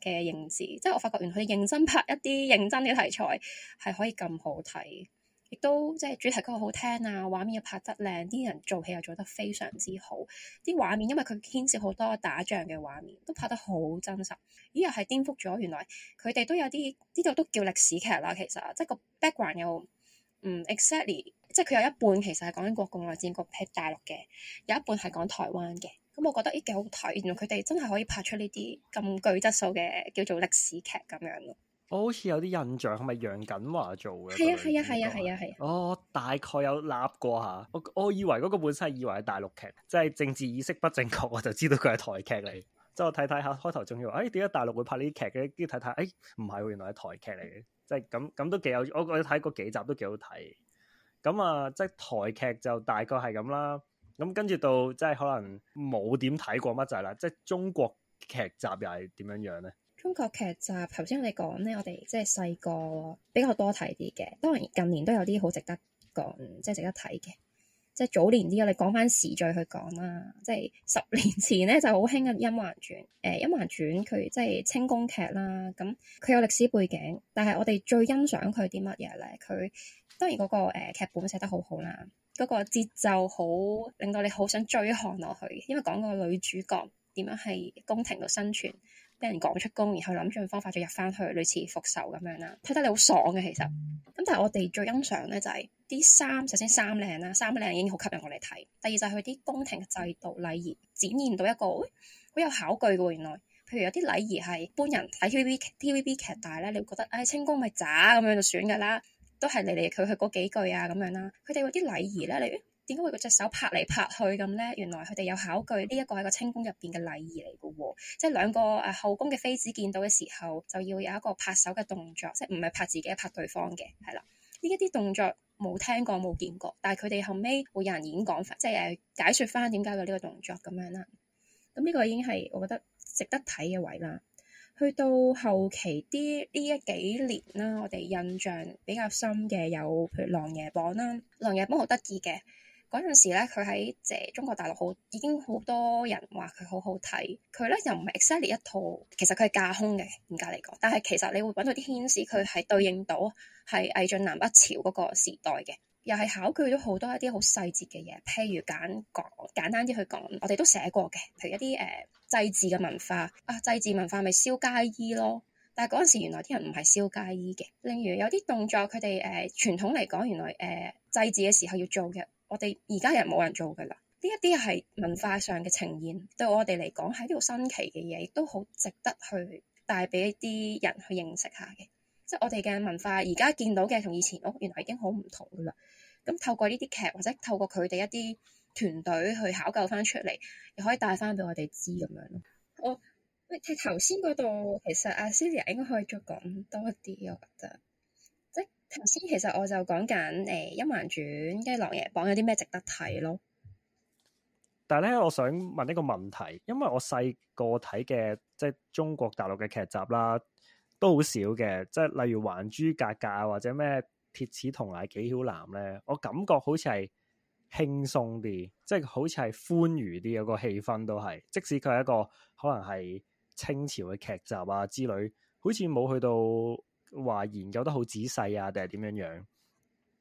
嘅認知，即係我發覺原來佢認真拍一啲認真啲嘅題材係可以咁好睇。亦都即係主題曲好聽啊，畫面又拍得靚，啲人做戲又做得非常之好。啲畫面因為佢牽涉好多打仗嘅畫面，都拍得好真實。咦，又係顛覆咗原來佢哋都有啲呢度都叫歷史劇啦。其實即係個 background 又唔、嗯、exactly，即係佢有一半其實係講緊國共內戰個大陸嘅，有一半係講台灣嘅。咁我覺得咦幾好睇，原來佢哋真係可以拍出呢啲咁具質素嘅叫做歷史劇咁樣咯。我好似有啲印象，係咪楊錦華做嘅？係啊的，係啊對，係啊的，係啊，係啊。哦，大概有諗過嚇。我我以為嗰個本身係以為係大陸劇，即係政治意識不正確，我就知道佢係台劇嚟。即係我睇睇下開頭仲要，誒點解大陸會拍呢啲劇嘅？跟住睇睇，誒唔係喎，原來係台劇嚟嘅。即係咁咁都幾有，我我睇過幾集都幾好睇。咁啊，即係台劇就大概係咁啦。咁跟住到即係可能冇點睇過乜就係啦。即係中國劇集又係點樣樣咧？中國劇集，頭先我哋講咧，我哋即係細個比較多睇啲嘅，當然近年都有啲好值得講，即係值得睇嘅。即係早年啲我哋講翻時序去講啦，即係十年前咧就好興嘅《甄嬛傳》，誒，《甄嬛傳》佢即係清宮劇啦，咁佢有歷史背景，但係我哋最欣賞佢啲乜嘢咧？佢當然嗰個誒劇本寫得好好啦，嗰個節奏好令到你好想追看落去，因為講個女主角點樣喺宮廷度生存。俾人趕出宮，然後諗盡方法就入翻去，類似復仇咁樣啦。睇得你好爽嘅，其實咁。但係我哋最欣賞咧就係啲衫，首先衫靚啦，衫靚已經好吸引我哋睇。第二就係佢啲宮廷嘅制度禮儀展現到一個好有考據嘅。原來，譬如有啲禮儀係一般人睇 T V T V B 劇大咧，你會覺得唉、哎、清宮咪渣咁樣就算㗎啦，都係嚟嚟去去嗰幾句啊咁樣啦。佢哋嗰啲禮儀咧，你。點解會個隻手拍嚟拍去咁咧？原來佢哋有考據呢一個喺個清宮入邊嘅禮儀嚟噶，即係兩個誒、啊、後宮嘅妃子見到嘅時候，就要有一個拍手嘅動作，即係唔係拍自己，拍對方嘅係啦。呢一啲動作冇聽過冇見過，但係佢哋後尾會有人演講法，即係誒解說翻點解有呢個動作咁樣啦。咁呢個已經係我覺得值得睇嘅位啦。去到後期啲呢一幾年啦，我哋印象比較深嘅有譬如琅琊榜、《琅琊榜》啦，《琅琊榜》好得意嘅。嗰陣時咧，佢喺誒中國大陸好已經好多人話佢好好睇。佢咧又唔係 exactly 一套，其實佢係架空嘅嚴格嚟講。但係其實你會揾到啲牽示，佢係對應到係魏晉南北朝嗰個時代嘅，又係考據咗好多一啲好細節嘅嘢，譬如簡講簡，簡單啲去講，我哋都寫過嘅，譬如一啲誒祭祀嘅文化啊，祭祀文化咪燒街衣咯。但係嗰陣時原來啲人唔係燒街衣嘅，例如有啲動作，佢哋誒傳統嚟講，原來誒祭祀嘅時候要做嘅。我哋而家又冇人做噶啦，呢一啲係文化上嘅呈現，對我哋嚟講係呢個新奇嘅嘢，亦都好值得去帶俾一啲人去認識下嘅。即係我哋嘅文化而家見到嘅，同以前屋原來已經好唔同噶啦。咁透過呢啲劇或者透過佢哋一啲團隊去考究翻出嚟，又可以帶翻俾我哋知咁樣咯。我喂，睇頭先嗰度其實阿 Celia 應該可以再講多啲，我覺得。頭先其實我就講緊誒《甄嬛傳》跟住《瑯琊榜》有啲咩值得睇咯。但係咧，我想問一個問題，因為我細個睇嘅即係中國大陸嘅劇集啦，都好少嘅。即係例如《還珠格格》或者咩《鐵齒銅牙紀曉嵐》咧，我感覺好似係輕鬆啲，即係好似係歡愉啲，有個氣氛都係。即使佢係一個可能係清朝嘅劇集啊之類，好似冇去到。話研究得好仔細啊，定係點樣樣？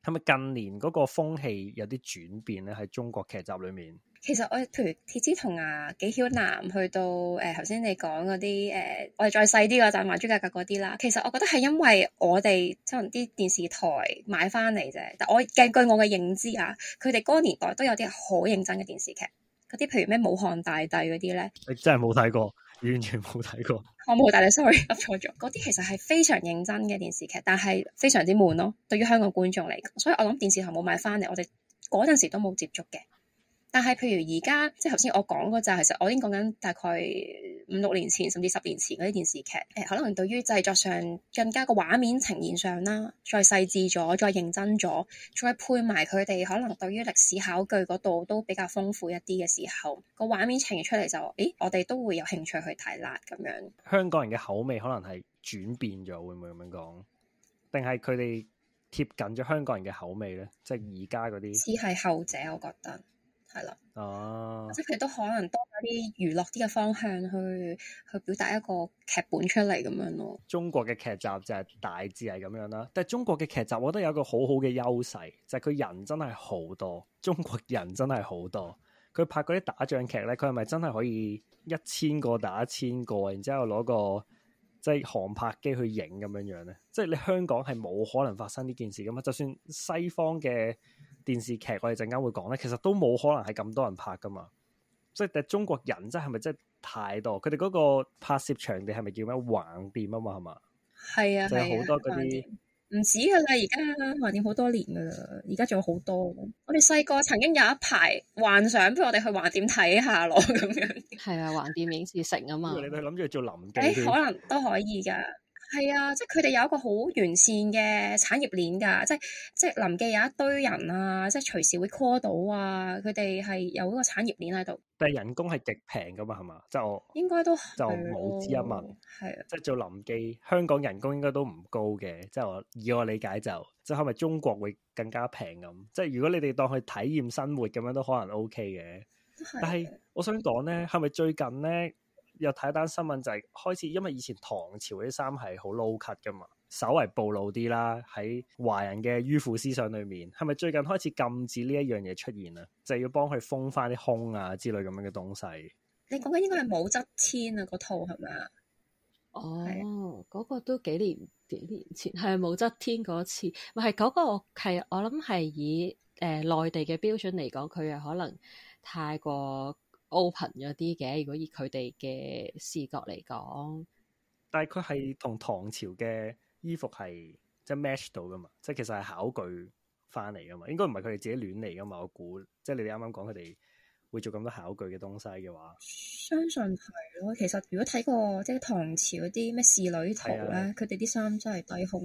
係咪近年嗰個風氣有啲轉變咧？喺中國劇集裏面，其實我譬如鐵齒銅牙紀曉嵐，去到誒頭先你講嗰啲誒，我哋再細啲個就《還、啊、珠格格》嗰啲啦。其實我覺得係因為我哋可能啲電視台買翻嚟啫。但我根據我嘅認知啊，佢哋嗰個年代都有啲好認真嘅電視劇，嗰啲譬如咩《武漢大帝》呢嗰啲咧，你真係冇睇過，完全冇睇過。我冇大你 sorry，噏錯咗嗰啲，其實係非常認真嘅電視劇，但係非常之悶咯，對於香港觀眾嚟講，所以我諗電視台冇買翻嚟，我哋嗰陣時都冇接觸嘅。但係譬如而家即係頭先我講嗰陣，其實我已經講緊大概。五六年前甚至十年前嗰啲電視劇，誒、欸、可能對於製作上更加個畫面呈現上啦，再細緻咗，再認真咗，再配埋佢哋可能對於歷史考據嗰度都比較豐富一啲嘅時候，個畫面呈現出嚟就誒，我哋都會有興趣去睇啦。咁樣香港人嘅口味可能係轉變咗，會唔會咁樣講？定係佢哋貼近咗香港人嘅口味咧？即係而家嗰啲，只係後者，我覺得。係啦，哦，即係佢都可能多啲娛樂啲嘅方向去去表達一個劇本出嚟咁樣咯。中國嘅劇集就係大致係咁樣啦，但係中國嘅劇集我覺得有個好好嘅優勢，就係、是、佢人真係好多，中國人真係好多。佢拍嗰啲打仗劇咧，佢係咪真係可以一千個打一千個，然之後攞個即係、就是、航拍機去影咁樣樣咧？即、就、係、是、你香港係冇可能發生呢件事噶嘛？就算西方嘅。電視劇我哋陣間會講咧，其實都冇可能係咁多人拍噶嘛，即係第中國人係係真係咪真係太多？佢哋嗰個拍攝場地係咪叫咩橫店啊嘛？係嘛？係啊，即係好多嗰啲唔止噶啦，而家、啊啊、橫店好多年噶啦，而家仲有好多。我哋細個曾經有一排幻想，不如我哋去橫店睇下咯，咁樣。係啊，橫店影視城啊嘛。你哋諗住做臨記？誒、欸，可能都可以㗎。係啊，即係佢哋有一個好完善嘅產業鏈㗎，即係即係臨記有一堆人啊，即係隨時會 call 到啊，佢哋係有嗰個產業鏈喺度。但係人工係極平㗎嘛，係嘛？即係我應該都就冇之一問，係啊。啊即係做臨記，香港人工應該都唔高嘅。即係我以我理解就，即係係咪中國會更加平咁？即係如果你哋當去體驗生活咁樣都可能 OK 嘅。啊、但係我想講咧，係咪最近咧？又睇一單新聞就係、是、開始，因為以前唐朝啲衫係好 low cut 噶嘛，稍微暴露啲啦。喺華人嘅迂腐思想裏面，係咪最近開始禁止呢一樣嘢出現啊？就係、是、要幫佢封翻啲胸啊之類咁樣嘅東西。你講緊應該係武則天啊，嗰套係咪？哦，嗰是個都幾年幾年前，係武則天嗰次，唔係嗰個係我諗係以誒、呃、內地嘅標準嚟講，佢係可能太過。open 咗啲嘅，如果以佢哋嘅視覺嚟講，但係佢係同唐朝嘅衣服係即係、就是、match 到噶嘛，即係其實係考據翻嚟噶嘛，應該唔係佢哋自己亂嚟噶嘛，我估即係你哋啱啱講佢哋。會做咁多考據嘅東西嘅話，相信係咯。其實如果睇過即係唐朝嗰啲咩侍女圖咧，佢哋啲衫真係低胸。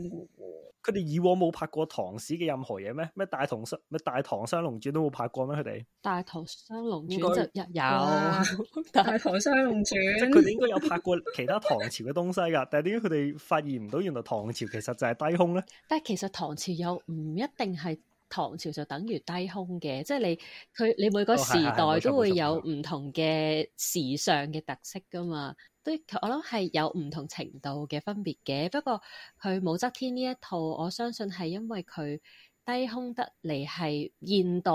佢哋以往冇拍過唐史嘅任何嘢咩？咩大唐商咩大唐雙龍傳都冇拍過咩？佢哋大唐雙龍傳就應該有大唐雙龍傳。佢哋應該有拍過其他唐朝嘅東西噶，但係點解佢哋發現唔到原來唐朝其實就係低胸咧？但係其實唐朝有唔一定係。唐朝就等於低胸嘅，即係你佢你每個時代都會有唔同嘅時尚嘅特色噶嘛，都我諗係有唔同程度嘅分別嘅。不過佢武則天呢一套，我相信係因為佢低胸得嚟係現代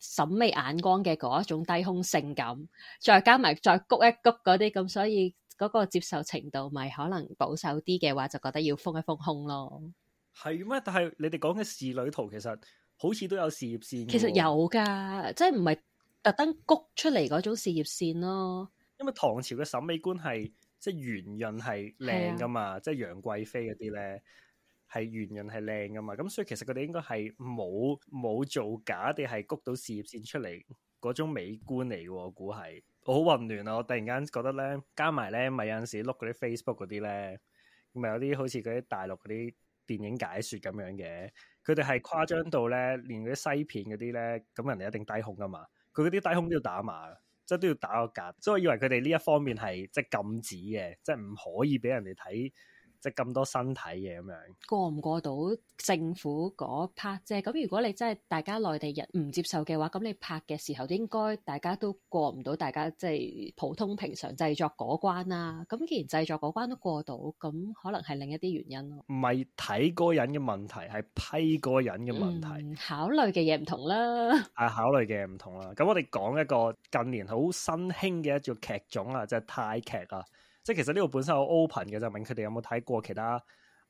審美眼光嘅嗰一種低胸性感，再加埋再谷一谷嗰啲咁，所以嗰個接受程度咪可能保守啲嘅話，就覺得要封一封胸咯。係咩？但係你哋講嘅仕女圖，其實好似都有事業線。其實有噶，即係唔係特登谷出嚟嗰種事業線咯。因為唐朝嘅審美觀係即係圓潤係靚噶嘛，啊、即係楊貴妃嗰啲咧係圓潤係靚噶嘛。咁所以其實佢哋應該係冇冇做假，定係谷到事業線出嚟嗰種美觀嚟嘅。我估係我好混亂啊！我突然間覺得咧，加埋咧咪有陣時碌嗰啲 Facebook 嗰啲咧，咪有啲好似嗰啲大陸嗰啲。電影解說咁樣嘅，佢哋係誇張到咧，連嗰啲西片嗰啲咧，咁人哋一定低胸噶嘛，佢嗰啲低胸都要打碼，即係都要打個格，所以我以為佢哋呢一方面係即係禁止嘅，即係唔可以俾人哋睇。即咁多新體嘢咁樣過唔過到政府嗰 part 啫？咁如果你真係大家內地人唔接受嘅話，咁你拍嘅時候應該大家都過唔到，大家即係普通平常製作嗰關啦。咁既然製作嗰關都過到，咁可能係另一啲原因咯，啊。唔係睇個人嘅問題，係批個人嘅問題。嗯，考慮嘅嘢唔同啦。啊，考慮嘅嘢唔同啦。咁、 啊、我哋講一個近年好新興嘅一做劇種啊，就係泰劇啊。即係其實呢個本身好 open 嘅，就係、問佢哋有冇睇過其他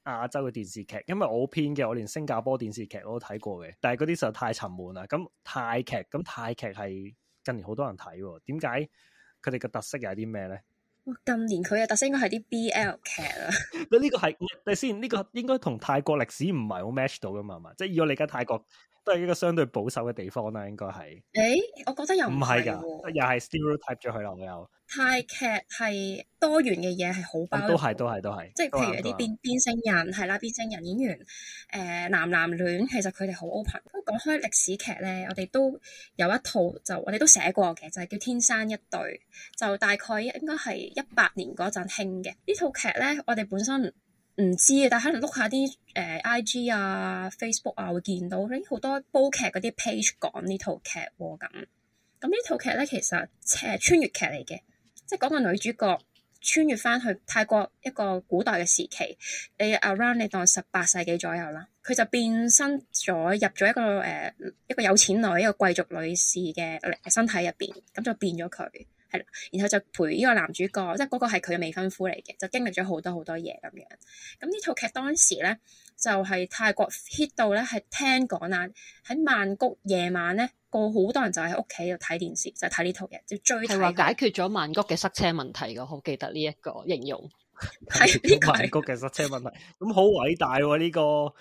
亞洲嘅電視劇。因為我好偏嘅，我連新加坡電視劇我都睇過嘅，但係嗰啲實在太沉悶啦。咁泰劇，咁泰劇係近年好多人睇喎，點解佢哋嘅特色又係啲咩咧？哇、哦！近年佢嘅特色應該係啲 BL 劇啦。你 呢 個係？你先，呢、這個應該同泰國歷史唔係好 match 到噶嘛嘛。即係以我理解泰國。都係一個相對保守嘅地方啦、啊，應該係。誒、欸，我覺得又唔係㗎，又係 stereotype 咗佢咯，又。泰劇係多元嘅嘢，係好包容。嗯、是都係是，都係，都係。即係譬如啲變變性人係啦，變性人演員誒、嗯呃、男男戀，其實佢哋好 open。都講開歷史劇咧，我哋都有一套就我哋都寫過嘅，就係、是、叫《天生一對》，就大概應該係一八年嗰陣興嘅呢套劇咧。我哋本身。唔知啊，但係可能碌下啲誒、呃、IG 啊、Facebook 啊，會見到好多煲劇嗰啲 page 講呢套劇喎、哦、咁。咁呢套劇咧，其實誒穿越劇嚟嘅，即係講個女主角穿越翻去泰國一個古代嘅時期，你 around 你當十八世紀左右啦，佢就變身咗入咗一個誒、呃、一個有錢女一個貴族女士嘅身體入邊，咁就變咗佢。係啦，然後就陪呢個男主角，即係嗰個係佢未婚夫嚟嘅，就經歷咗好多好多嘢咁樣。咁呢套劇當時咧就係、是、泰國 hit 到咧，係聽講啦，喺曼谷夜晚咧過好多人就喺屋企度睇電視，就睇呢套嘢，就追。係話解決咗曼谷嘅塞車問題嘅，我好記得呢一個形容。 解決曼谷嘅塞車問題，咁好偉大喎、啊、呢、呢個。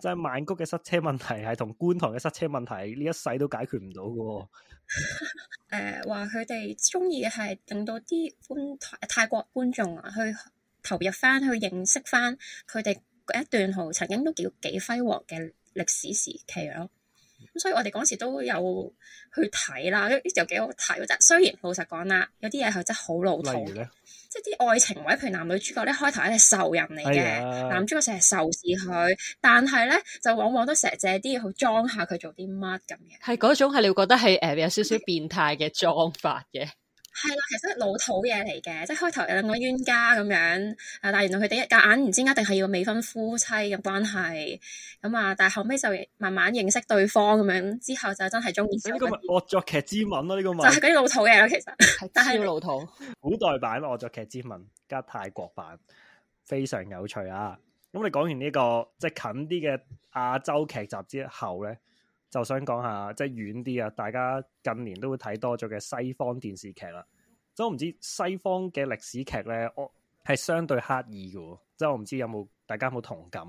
即係曼谷嘅塞車問題，係同觀塘嘅塞車問題，呢一世都解決唔到嘅。誒、呃，話佢哋中意嘅係令到啲觀泰國觀眾啊，去投入翻，去認識翻佢哋一段好曾經都叫幾輝煌嘅歷史時期啊！咁所以我哋嗰時都有去睇啦，呢啲又幾好睇，但雖然老實講啦，有啲嘢係真係好老土，老套即係啲愛情位，譬如男女主角咧開頭咧係仇人嚟嘅，哎、呀男主角成日仇視佢，但係咧就往往都成日借啲嘢去裝下佢做啲乜咁嘅，係嗰種係你會覺得係誒、呃、有少少變態嘅裝法嘅。係啦，其實老土嘢嚟嘅，即係開頭有兩個冤家咁樣，啊，但係原來佢哋一夾硬唔知一定係要未婚夫妻嘅關係咁啊，但係後尾就慢慢認識對方咁樣，之後就真係中意。呢、啊這個咪惡作劇之吻咯，呢個咪就係嗰啲老土嘢咯，其實。要老土。 古代版惡作劇之吻加泰國版，非常有趣啊！咁你講完呢、這個即係近啲嘅亞洲劇集之後咧？就想講下即係遠啲啊！大家近年都會睇多咗嘅西方電視劇啦。即係我唔知西方嘅歷史劇咧，我係相對刻意嘅。即係我唔知有冇大家有冇同感，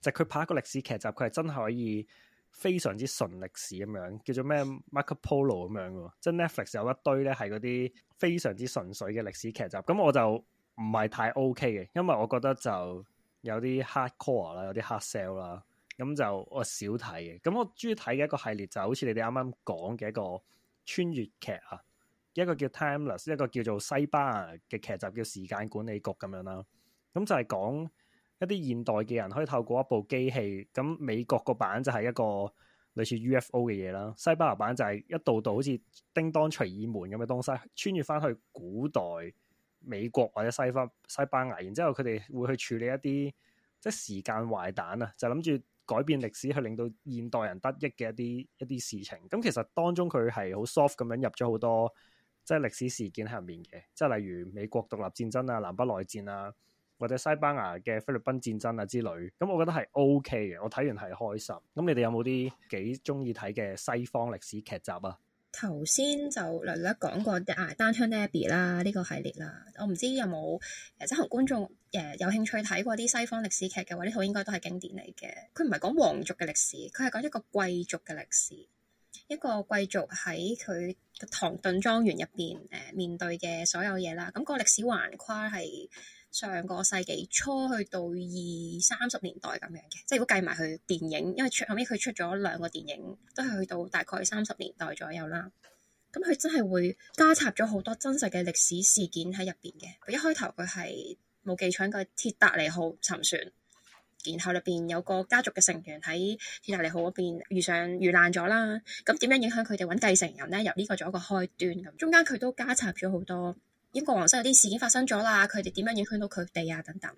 就係佢拍一個歷史劇集，佢係真係可以非常之純歷史咁樣。叫做咩《Marco Polo》咁樣嘅，即係 Netflix 有一堆咧係嗰啲非常之純粹嘅歷史劇集。咁我就唔係太 OK 嘅，因為我覺得就有啲 hard core 啦，有啲 hard sell 啦。咁就我少睇嘅，咁我中意睇嘅一個系列就好似你哋啱啱講嘅一個穿越劇啊，一個叫《Timeless》，一個叫做西班牙嘅劇集叫《時間管理局》咁樣啦。咁就係講一啲現代嘅人可以透過一部機器，咁美國個版就係一個類似 UFO 嘅嘢啦，西班牙版就係一道道好似叮當隨意門咁嘅東西，穿越翻去古代美國或者西翻西班牙，然之後佢哋會去處理一啲即係時間壞蛋啊，就諗住。改變歷史去令到現代人得益嘅一啲一啲事情，咁其實當中佢係好 soft 咁樣入咗好多即係、就是、歷史事件喺入面嘅，即係例如美國獨立戰爭啊、南北內戰啊，或者西班牙嘅菲律賓戰爭啊之類，咁我覺得係 OK 嘅，我睇完係開心。咁你哋有冇啲幾鍾意睇嘅西方歷史劇集啊？頭先就略略講過啊《Downton Abbey》啦，呢、這個系列啦，我唔知有冇即係同觀眾誒、呃、有興趣睇過啲西方歷史劇嘅話，呢、這、套、個、應該都係經典嚟嘅。佢唔係講皇族嘅歷史，佢係講一個貴族嘅歷史，一個貴族喺佢嘅唐頓莊園入邊誒面對嘅所有嘢啦。咁、嗯這個歷史橫跨係。上個世紀初去到二三十年代咁樣嘅，即係如果計埋佢電影，因為後出後尾佢出咗兩個電影，都係去到大概三十年代左右啦。咁佢真係會加插咗好多真實嘅歷史事件喺入邊嘅。佢一開頭佢係冇記錯，應該係鐵達尼號沉船，然後裏邊有個家族嘅成員喺鐵達尼號嗰邊遇上遇難咗啦。咁點樣影響佢哋搵繼承人咧？由呢個做一個開端咁，中間佢都加插咗好多。英國皇室有啲事件發生咗啦，佢哋點樣影響到佢哋啊？等等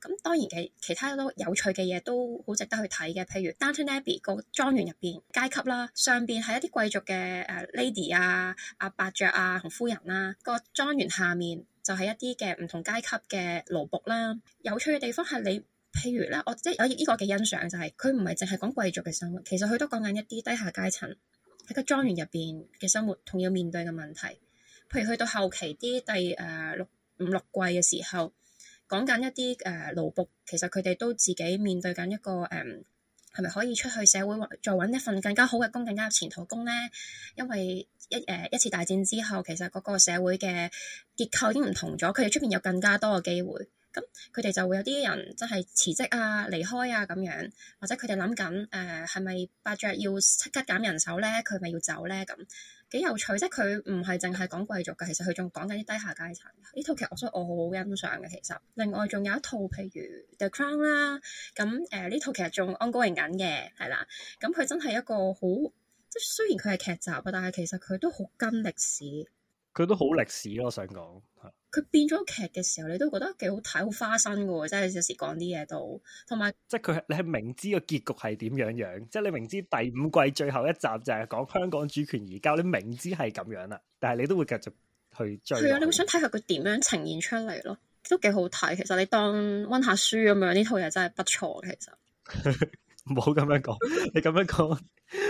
咁，當然其其他都有趣嘅嘢都好值得去睇嘅。譬如《Downton Abbey》個莊園入邊階級啦，上邊係一啲貴族嘅誒 lady 啊、阿伯爵啊、同夫人啦、啊。那個莊園下面就係一啲嘅唔同階級嘅勞僕啦。有趣嘅地方係你，譬如咧，我即係我依個嘅欣賞就係佢唔係淨係講貴族嘅生活，其實佢都講緊一啲低下階層喺個莊園入邊嘅生活同要面對嘅問題。譬如去到後期啲第誒、呃、六五六季嘅時候，講緊一啲誒勞僕，其實佢哋都自己面對緊一個誒係咪可以出去社會再搵一份更加好嘅工，更加有前途工咧？因為一誒、呃、一次大戰之後，其實嗰個社會嘅結構已經唔同咗，佢哋出面有更加多嘅機會，咁佢哋就會有啲人真係辭職啊、離開啊咁樣，或者佢哋諗緊誒係咪伯爵要即刻減人手咧？佢咪要走咧咁。幾有趣，即係佢唔係淨係講貴族嘅，其實佢仲講緊啲低下階層。呢套劇我所以我好好欣賞嘅，其實另外仲有一套譬如 The Crown 啦，咁誒呢套劇仲 ongoing 緊嘅，係啦，咁、嗯、佢真係一個好即係雖然佢係劇集啊，但係其實佢都好跟歷史，佢都好歷史咯，我想講佢變咗劇嘅時候，你都覺得幾好睇，好花心嘅喎，即係有時講啲嘢都，同埋即係佢你係明知個結局係點樣樣，即係你明知第五季最後一集就係講香港主權移交，你明知係咁樣啦，但係你都會繼續去追。係啊，你會想睇下佢點樣呈現出嚟咯，都幾好睇。其實你當温下書咁樣，呢套嘢真係不錯。其實。唔好咁樣講，你咁樣講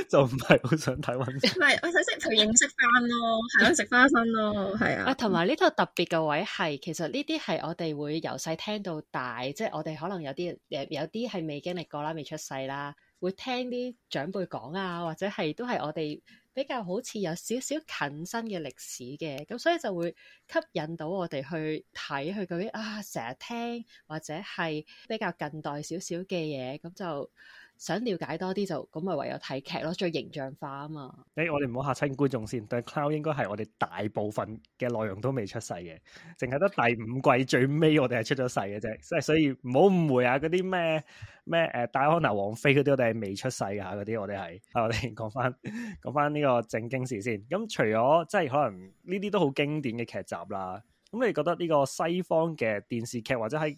就唔係好想睇溫嘅。唔係，我想識去認識翻咯，係咯，食花生咯，係啊。啊，同埋呢度特別嘅位係，其實呢啲係我哋會由細聽到大，即係我哋可能有啲有啲係未經歷過啦，未出世啦，會聽啲長輩講啊，或者係都係我哋比較好似有少少近身嘅歷史嘅，咁所以就會吸引到我哋去睇佢嗰啲啊，成日聽或者係比較近代少少嘅嘢，咁就。想了解多啲就咁，咪唯有睇劇咯，最形象化啊嘛。誒、欸，我哋唔好嚇親觀眾先。但 Cloud 應該係我哋大部分嘅內容都未出世嘅，淨係得第五季最尾我哋係出咗世嘅啫。即係所以唔好誤會啊。嗰啲咩咩誒，戴安娜王妃嗰啲，我哋係未出世吓嗰啲，我哋係我哋講翻講翻呢個正經事先。咁、嗯、除咗即係可能呢啲都好經典嘅劇集啦。咁、嗯、你覺得呢個西方嘅電視劇或者喺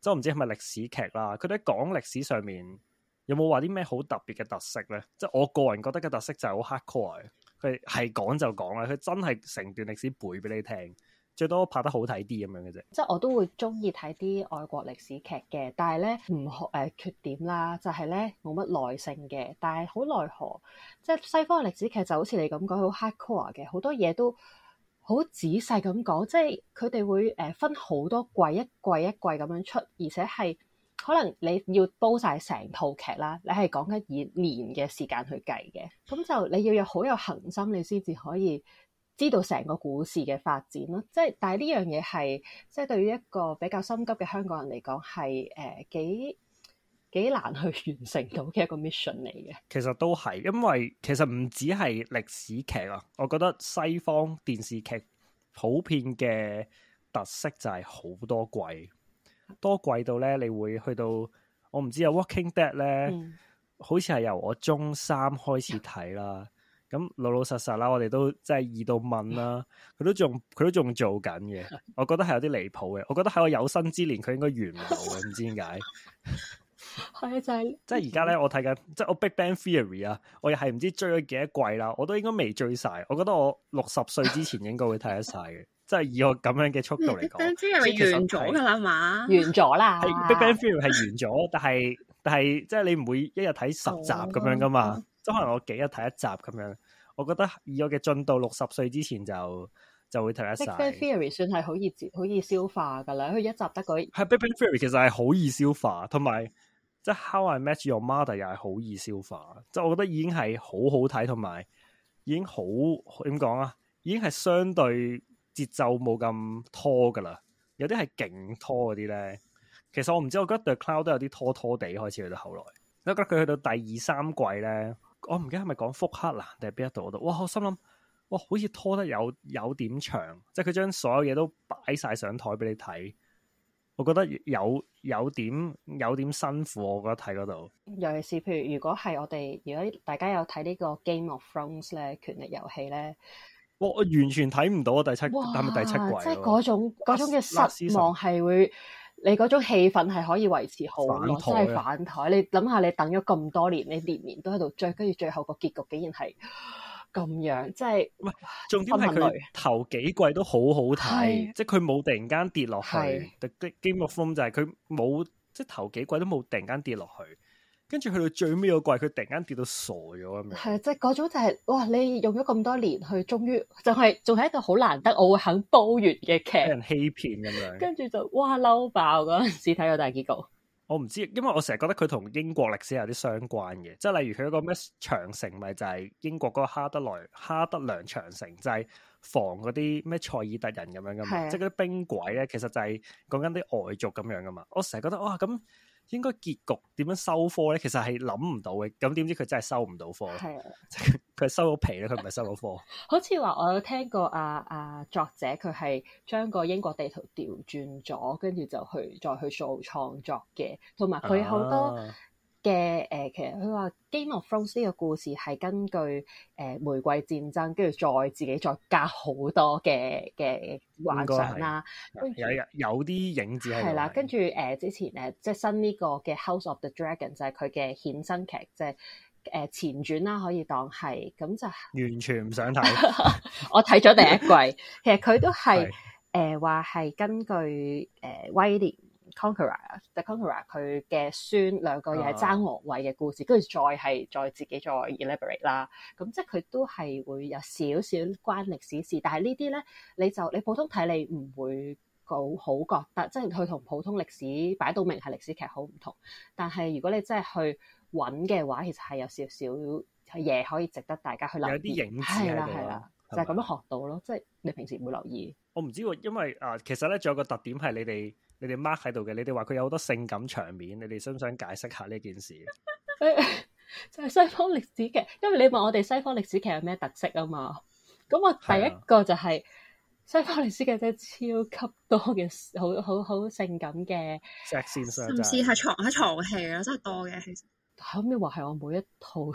即係唔知係咪歷史劇啦？佢哋喺講歷史上面。有冇話啲咩好特別嘅特色咧？即係我個人覺得嘅特色就係好 hardcore，佢係講就講啦，佢真係成段歷史背俾你聽，最多拍得好睇啲咁樣嘅啫。即係我都會中意睇啲外國歷史劇嘅，但係咧唔學誒缺點啦，就係咧冇乜耐性嘅，但係好奈何，即係西方嘅歷史劇就好似你咁講好 hardcore 嘅，好多嘢都好仔細咁講，即係佢哋會誒分好多季，一季一季咁樣出，而且係。可能你要煲晒成套劇啦，你係講緊以年嘅時間去計嘅，咁就你要有好有恒心，你先至可以知道成個故事嘅發展咯。即係，但係呢樣嘢係，即係對於一個比較心急嘅香港人嚟講，係、呃、誒幾幾難去完成到嘅一個 mission 嚟嘅。其實都係，因為其實唔止係歷史劇啊，我覺得西方電視劇普遍嘅特色就係好多季。多貴到咧？你會去到我唔知啊。Walking Dead 咧，嗯、好似係由我中三開始睇啦。咁、嗯、老老實實啦，我哋都即係二到問啦。佢、嗯、都仲佢都仲做緊嘅。我覺得係有啲離譜嘅。我覺得喺我有生之年，佢應該完唔了嘅。唔 知點解。係啊，就係即係而家咧，我睇緊即係我 Big Bang Theory 啊。我又係唔知追咗幾多季啦。我都應該未追晒。我覺得我六十歲之前應該會睇得晒嘅。 即係以我咁樣嘅速度嚟講，Big Bang Theory 係完咗噶啦嘛？完咗啦，Big Bang Theory 係完咗，但係但係即係你唔會一日睇十集咁樣噶嘛？即係可能我幾日睇一集咁樣。我覺得以我嘅進度，六十歲之前就就會睇一集。Big Bang Theory 算係好易好易消化噶啦，佢一集得個係 Big Bang Theory，其實係好易消化，同埋即係 How I Met Your Mother 又係好易消化。即係我覺得已經係好好睇，同埋已經好，點講啊？已經係相對。節奏冇咁拖㗎啦，有啲係勁拖嗰啲咧。其實我唔知，我覺得 The Cloud 都有啲拖拖地開始去到後來。因為我覺得佢去到第二三季咧，我唔記得係咪講福克蘭啦，定係邊一度嗰度？哇，我心諗哇，好似拖得有有點長，即係佢將所有嘢都擺晒上台俾你睇。我覺得有有點有點辛苦，我覺得睇嗰度。尤其是譬如，如果係我哋，如果大家有睇呢個 Game of Thrones 咧，《權力遊戲》咧。我我完全睇唔到啊！第七，係咪哇，第七季？即係嗰種嗰種嘅失望係會，你嗰種氣氛係可以維持好耐。即係反台、啊。你諗下，你等咗咁多年，你年年都喺度追，跟住最後個結局竟然係咁樣，即係唔係？重點係佢頭幾季都好好睇，即係佢冇突然間跌落去。The Game of Thrones 就係佢冇，即係頭幾季都冇突然間跌落去。跟住去到最尾嗰季，佢突然間跌到傻咗咁樣。係，即係嗰種就係、是，哇！你用咗咁多年，佢終於就係仲係一個好難得我會肯煲完嘅劇。俾人欺騙咁樣。跟住就哇嬲爆嗰陣時睇個大結局。我唔知，因為我成日覺得佢同英國歷史有啲相關嘅，即係例如佢一個咩長城，咪就係英國嗰個哈德萊、哈德良長城，就係防嗰啲咩塞爾特人咁樣噶嘛。的即係嗰啲冰鬼咧，其實就係講緊啲外族咁樣噶嘛。我成日覺得哇咁。啊啊啊啊啊啊應該結局點樣收科咧？其實係諗唔到嘅，咁點知佢真係收唔到科。係啊，佢係 收到皮咧，佢唔係收到科。 好似話我有聽過阿、啊、阿、啊、作者，佢係將個英國地圖調轉咗，跟住就去再去做創作嘅，同埋佢好多、啊。嘅誒，其實佢話《Game of Thrones》呢個故事係根據誒玫瑰戰爭，跟住再自己再加好多嘅嘅幻想啦。有有啲影子係啦，跟住誒之前誒即係新呢個嘅《House of the Dragon》就係佢嘅衍生劇，即係誒前傳啦，可以當係咁。就完全唔想睇。我睇咗第一季，其實佢都係誒話係根據誒威廉。Con, the Conqueror，佢嘅孫兩個又係爭王位嘅故事，跟住、啊、再係再自己再 elaborate 啦。咁即係佢都係會有少少關歷史事，但係呢啲咧，你就你普通睇你唔會好好覺得，即係佢同普通歷史擺到明係歷史劇好唔同。但係如果你真係去揾嘅話，其實係有少少嘢可以值得大家去留意，係啦，係啦。就係咁樣學到咯，即係你平時唔會留意。我唔知喎，因為啊，其實咧仲有個特點係你哋你哋 mark 喺度嘅，你哋話佢有好多性感場面，你哋想唔想解釋下呢件事？ 就係西方歷史劇，因為你問我哋西方歷史劇有咩特色啊嘛。咁我第一個就係、是啊、西方歷史劇真係超級多嘅，好好好，好性感嘅。甚至係藏喺藏床戲咯，真係多嘅其實。可唔可以話係我每一套。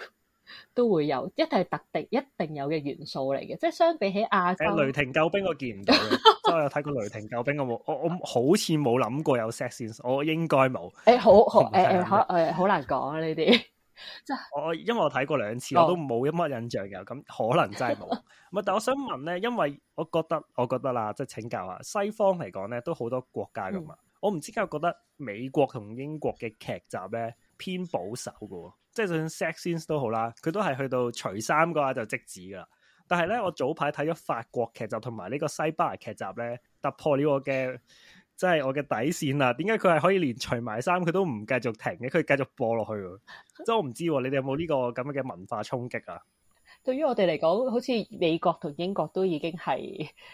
都會有一啲係特定一定有嘅元素嚟嘅，即係相比起亞洲。雷霆救兵我見唔到，即係 我有睇過雷霆救兵，我冇，我我好似冇諗過有 sex 我應該冇。誒、欸，好好誒，吓、欸、誒、欸欸，好難講啊呢啲，即係 我因為我睇過兩次，我都冇一乜印象嘅，咁可能真係冇。係， 但我想問咧，因為我覺得，我覺得啦，即係、就是、請教下西方嚟講咧都好多國家噶嘛，嗯、我唔知點解覺得美國同英國嘅劇集咧偏保守噶。即係就算 sex scenes 都好啦，佢都係去到除衫嘅話就即止噶啦。但係咧，我早排睇咗法國劇集同埋呢個西班牙劇集咧，突破呢我嘅即係我嘅底線啦。點解佢係可以連除埋衫佢都唔繼續停嘅？佢繼續播落去，即係 我唔知、啊、你哋有冇呢、呢個咁嘅文化衝擊啊？對於我哋嚟講，好似美國同英國都已經係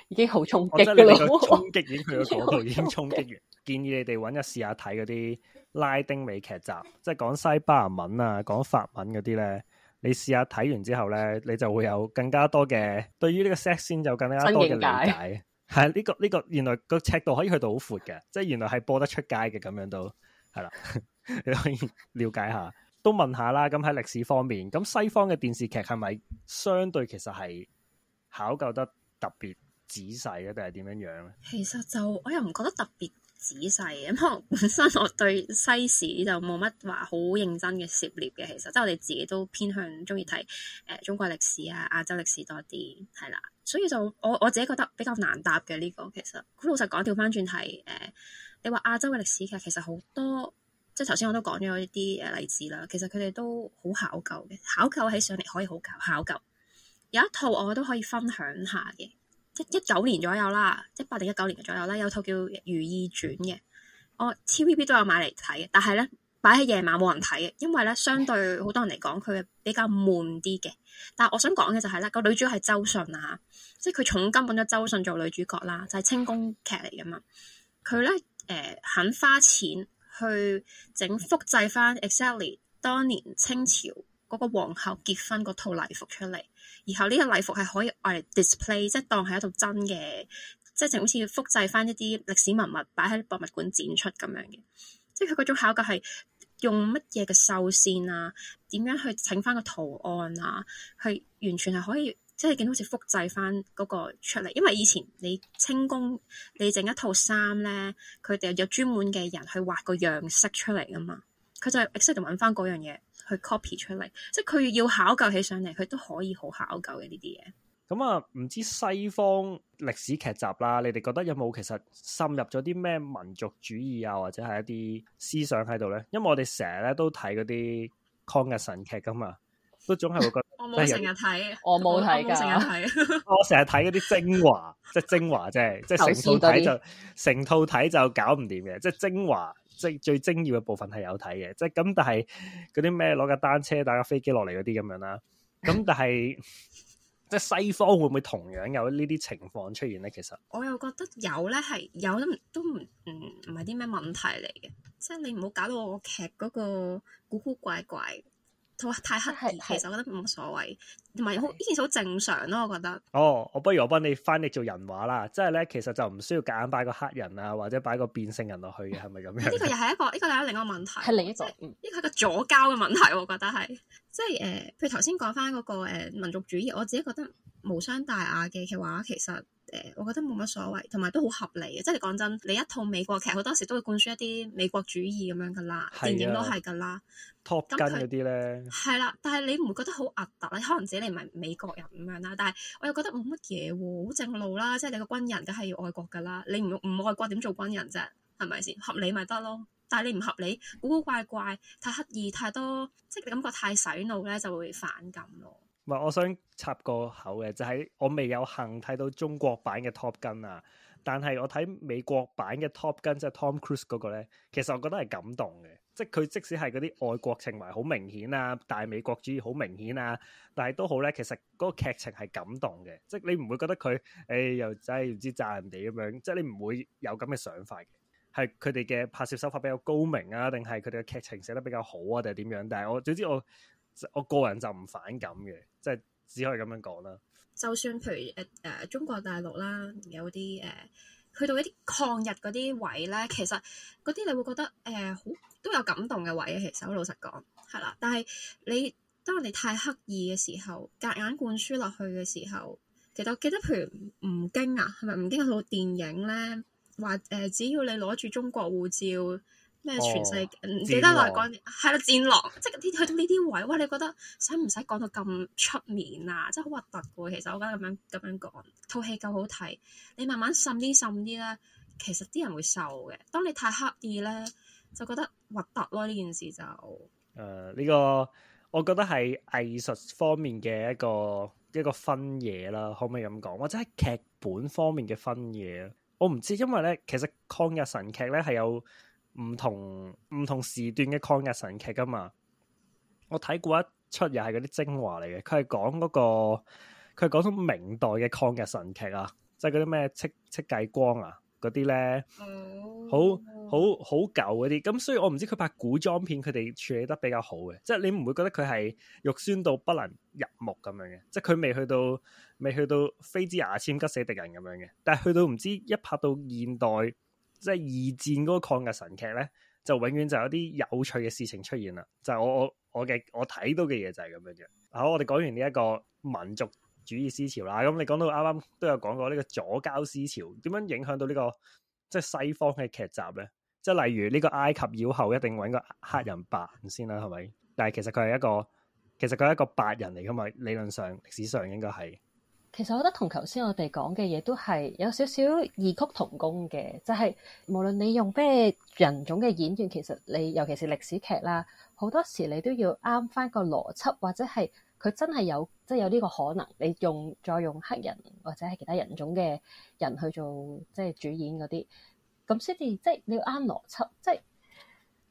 已經好衝擊嘅咯。衝擊已經度， 已經衝擊完。建議你哋揾一試下睇嗰啲拉丁美劇集，即係講西班牙文啊、講法文嗰啲咧。你試下睇完之後咧，你就會有更加多嘅對於呢個 set 先有更加多嘅理解。係呢、這個呢、這個原來個尺度可以去到好闊嘅，即係原來係播得出街嘅咁樣都係啦。 你可以了解下。都問下啦，咁喺歷史方面，咁西方嘅電視劇係咪相對其實係考究得特別仔細咧，定係點樣樣咧？其實就我又唔覺得特別仔細嘅，咁我本身我對西史就冇乜話好認真嘅涉獵嘅。其實即係、就是、我哋自己都偏向中意睇誒中國歷史啊、亞洲歷史多啲係啦，所以就我我自己覺得比較難答嘅呢個其實。咁老實講，調翻轉係誒，你話亞洲嘅歷史劇其實好多。即係頭先，我都講咗一啲誒例子啦。其實佢哋都好考究嘅，考究起上嚟可以好考考究。有一套我都可以分享下嘅，一一,一九年左右啦，一八定一九年嘅左右啦。有套叫《如懿傳》嘅，我 TVB 都有買嚟睇嘅。但係咧擺喺夜晚冇人睇嘅，因為咧相對好多人嚟講，佢係比較悶啲嘅。但係我想講嘅就係咧、那個女主角係周迅啊，即係佢重根本都周迅做女主角啦，就係、是、清宮劇嚟噶嘛。佢咧誒，肯花錢。去整複製翻 exactly 當年清朝嗰個皇后結婚嗰套禮服出嚟，然後呢個禮服係可以嚟 display，即係當係一套真嘅，即係好似複製翻一啲歷史文物擺喺博物館展出咁樣嘅。即係佢嗰種考究係用乜嘢嘅繡線啊？點樣去整翻個圖案啊？係完全係可以。即係見到好似複製翻嗰個出嚟。因為以前你清宮，你整一套衫咧，佢哋有專門嘅人去畫個樣式出嚟噶嘛，佢就 exactly 揾翻嗰樣嘢去 copy 出嚟，即係佢要考究起上嚟，佢都可以好考究嘅呢啲嘢。咁啊，唔、嗯、知西方歷史劇集啦，你哋覺得有冇其實滲入咗啲咩民族主義啊，或者係一啲思想喺度咧？因為我哋成日咧都睇嗰啲抗日神劇噶嘛。都總係會覺得，我冇成日睇，嗯、我冇睇，我冇成日睇。我成日睇嗰啲精華，即係精華啫，即係成套睇就成套睇就搞唔掂嘅，即係精華，即係最精要嘅部分係有睇嘅，即係咁。但係嗰啲咩攞架單車打架飛機落嚟嗰啲咁樣啦。咁但係，即係 西方會唔會同樣有呢啲情況出現咧？其實我又覺得有咧，係有都唔，都唔唔係啲咩問題嚟嘅。即係你唔好搞到我劇嗰個古古怪怪。哇！太黑人，其實我覺得冇乜所謂，同埋好呢件事好正常咯。啊，我覺得。哦，我不如我幫你翻譯做人話啦，即係咧，其實就唔需要夾硬擺個黑人啊，或者擺個變性人落去嘅，係咪咁樣？呢個又係一個呢、這個另一另外問題，係另一個呢個係一個左膠嘅問題，我覺得係，即係誒、呃，譬如頭先講翻嗰個、呃、民族主義，我自己覺得無傷大雅嘅嘅話，其實。誒，我覺得冇乜所謂，同埋都好合理嘅。即係你講真，你一套美國劇，好多時都會灌輸一啲美國主義咁樣噶啦，啊、電影都係噶啦，托家嗰啲咧。係啦，但係你唔會覺得好核突咧？可能自己你唔係美國人咁樣啦。但係我又覺得冇乜嘢，好正路啦。即係你個軍人梗係要愛國噶啦，你唔唔愛國點做軍人啫？係咪先？合理咪得咯？但係你唔合理，古古怪怪，太刻意，太多，即係你感覺太洗腦咧，就會反感咯。唔係，我想插個口嘅，就係、是、我未有幸睇到中國版嘅《Top Gun》啊，但係我睇美國版嘅《Top Gun》，即係 Tom Cruise 嗰、那個咧，其實我覺得係感動嘅，即係佢即使係嗰啲愛國情懷好明顯啊，大美國主義好明顯啊，但係都好咧，其實嗰個劇情係感動嘅，即係你唔會覺得佢，誒、哎、又真係唔知炸人哋咁樣，即係你唔會有咁嘅想法，係佢哋嘅拍攝手法比較高明啊，定係佢哋嘅劇情寫得比較好啊，定係點樣？但係我總之我。我個人就唔反感嘅，即係只可以咁樣講啦。就算譬如誒誒、呃、中國大陸啦，有啲誒、呃、去到一啲抗日嗰啲位咧，其實嗰啲你會覺得誒、呃、好都有感動嘅位啊。其實好老實講係啦，但係你當人哋太刻意嘅時候，夾硬灌輸落去嘅時候，其實我記得譬如吳京啊，係咪吳京有套電影咧，話誒、呃、只要你攞住中國護照。咩？全世界唔、哦、記得來講，係啦狼，戰狼即係啲去到呢啲位。哇！你覺得使唔使講到咁出面啊？真係好核突嘅喎。其實我覺得咁樣咁樣講套戲夠好睇。你慢慢滲啲滲啲咧，其實啲人會受嘅。當你太刻意咧，就覺得核突咯。呢件事就誒呢、呃呢個，我覺得係藝術方面嘅一個一個分野啦。可唔可以咁講？或者係劇本方面嘅分野啊？我唔知，因為咧，其實抗日神劇咧係有。唔同唔同時段嘅抗日神劇啊嘛，我睇過一出又係嗰啲精華嚟嘅，佢係講嗰個佢係講通明代嘅抗日神劇啊，即係嗰啲咩戚戚繼光啊嗰啲咧，好好好舊嗰啲，咁所以我唔知佢拍古裝片佢哋處理得比較好嘅，即係你唔會覺得佢係肉酸到不能入目咁樣嘅，即係佢未去到未去到飛之牙籤急死敵人咁樣嘅，但係去到唔知一拍到現代。即係二戰嗰個抗日神劇咧，就永遠就有啲有趣嘅事情出現啦。就係我我我嘅我睇到嘅嘢就係咁樣嘅。好，我哋講完呢一個民族主義思潮啦。咁你講到啱啱都有講過呢個左膠思潮，點樣影響到呢個即係西方嘅劇集咧？即係例如呢個埃及妖后一定揾個黑人扮先啦，係咪？但係其實佢係一個其實佢係一個白人嚟噶嘛？理論上、歷史上應該係。其實我覺得同頭先我哋講嘅嘢都係有少少異曲同工嘅，就係無論你用咩人種嘅演員，其實你尤其是歷史劇啦，好多時你都要啱翻個邏輯，或者係佢真係有即係有呢個可能，你用再用黑人或者係其他人種嘅人去做即係主演嗰啲咁先至，即係你要啱邏輯，即係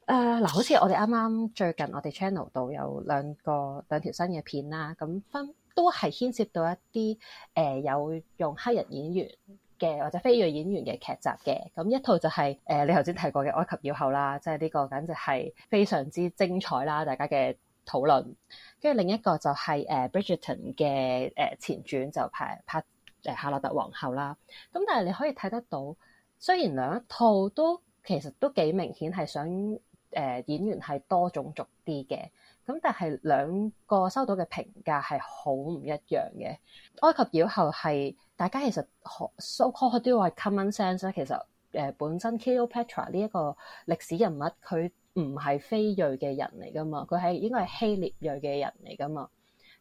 誒嗱，好似我哋啱啱最近我哋 channel 度有兩個兩條新嘅片啦，咁分。都係牽涉到一啲誒、呃、有用黑人演員嘅或者非裔演員嘅劇集嘅，咁一套就係、是、誒、呃、你頭先提過嘅《埃及妖后》啦，即係呢個簡直係非常之精彩啦，大家嘅討論。跟住另一個就係、是、誒《Bridgerton、呃》嘅 Brid 誒、呃、前傳就拍拍誒、呃、夏洛特皇后啦。咁但係你可以睇得到，雖然兩套都其實都幾明顯係想誒、呃、演員係多種族啲嘅。咁但係兩個收到嘅評價係好唔一樣嘅。埃及妖后係大家其實學 so 好多都話 common sense 咧，其實誒、呃、本身 Cleopatra 呢一個歷史人物，佢唔係非裔嘅人嚟噶嘛，佢係應該係希臘裔嘅人嚟噶嘛。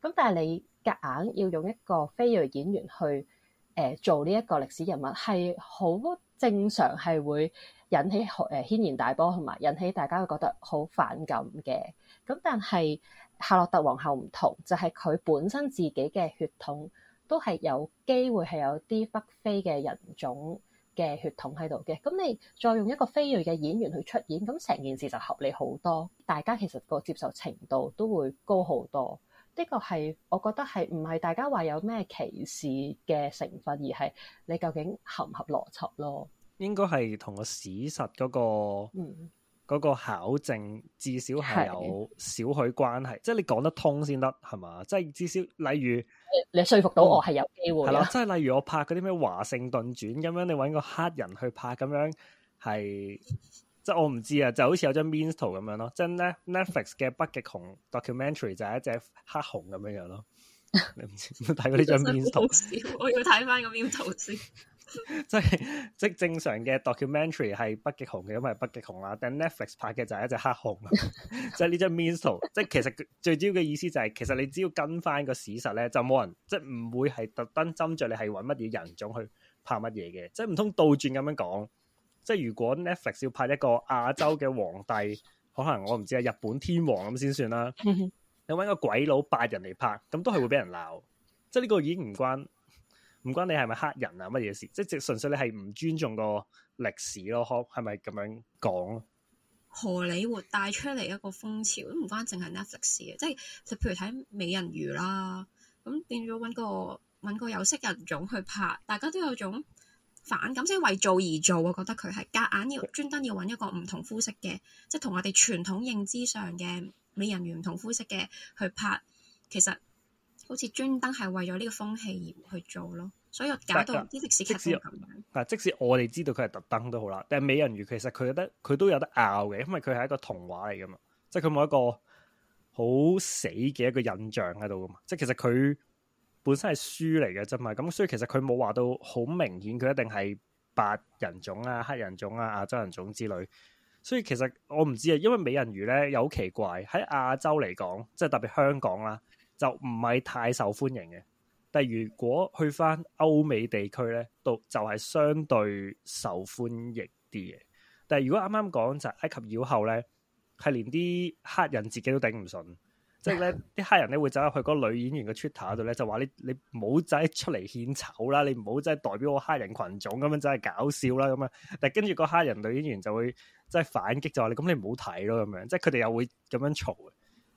咁但係你夾硬要用一個非裔演員去誒、呃、做呢一個歷史人物，係好正常，係會引起誒軒、呃、然大波，同埋引起大家會覺得好反感嘅。咁但係夏洛特皇后唔同，就係、是、佢本身自己嘅血統都係有機會係有啲北非嘅人種嘅血統喺度嘅。咁你再用一個非裔嘅演員去出演，咁成件事就合理好多，大家其實個接受程度都會高好多。呢、這個係我覺得係唔係大家話有咩歧視嘅成分，而係你究竟合唔合邏輯咯？應該係同個史實嗰、那個。嗯嗰個考證至少係有少許關係，的即係你講得通先得，係嘛？即係至少，例如你説服到我係有機會係啦、哦。即係例如我拍嗰啲咩《華盛頓傳》咁樣，你搵個黑人去拍咁樣，係即係我唔知啊。就好似有張免圖咁樣咯，即係 Netflix 嘅《北極熊 Documentary》就係一隻黑熊咁樣樣咯。 你唔知睇過呢張免圖， 免圖好笑？我要睇翻個免圖先。 即係即係正常嘅 documentary 係北極熊嘅，因為北極熊啦。但 Netflix 拍嘅就係一隻黑熊， 就張 ster, 即係呢隻 minstal。即係其實最主要嘅意思就係、是，其實你只要跟翻個史實咧，就冇人即係唔會係特登針著你係搵乜嘢人種去拍乜嘢嘅。即係唔通倒轉咁樣講，即係如果 Netflix 要拍一個亞洲嘅皇帝，可能我唔知啊，日本天皇咁先算啦。你搵個鬼佬白人嚟拍，咁都係會俾人鬧。即係呢個已經唔關。唔關你係咪黑人啊？乜嘢事？即係純粹你係唔尊重個歷史咯？可係咪咁樣講？荷里活帶出嚟一個風潮都唔關，淨係 Netflix 嘅。即係譬如睇美人魚啦，咁變咗揾個，揾個有色人種去拍，大家都有種反感，即係為做而做，啊。我覺得佢係夾硬要專登要揾一個唔同膚色嘅，即係同我哋傳統認知上嘅美人魚唔同膚色嘅去拍，其實。好似專登係為咗呢個風氣而去做咯，所以搞到啲歷史劇咁樣。係，即使我哋知道佢係特登都好啦。但係美人魚其實佢得佢都有得拗嘅，因為佢係一個童話嚟噶嘛，即係佢冇一個好死嘅一個印象喺度噶嘛。即係其實佢本身係書嚟嘅啫嘛，咁所以其實佢冇話到好明顯佢一定係白人種啊、黑人種啊、亞洲人種之類。所以其實我唔知啊，因為美人魚咧有好奇怪喺亞洲嚟講，即係特別香港啦。就唔係太受歡迎嘅，但係如果去翻歐美地區咧，就就是、係相對受歡迎啲嘅。但係如果啱啱講就是、埃及妖后咧，係連啲黑人自己都頂唔順， 即係咧啲黑人咧會走入去嗰女演員嘅 Twitter 度咧，就話你你唔好仔出嚟獻醜啦，你唔好即係代表我黑人群眾，咁樣真係搞笑啦咁啊！但係跟住個黑人女演員就會即係反擊，就話你咁你唔好睇咯咁樣，即係佢哋又會咁樣嘈。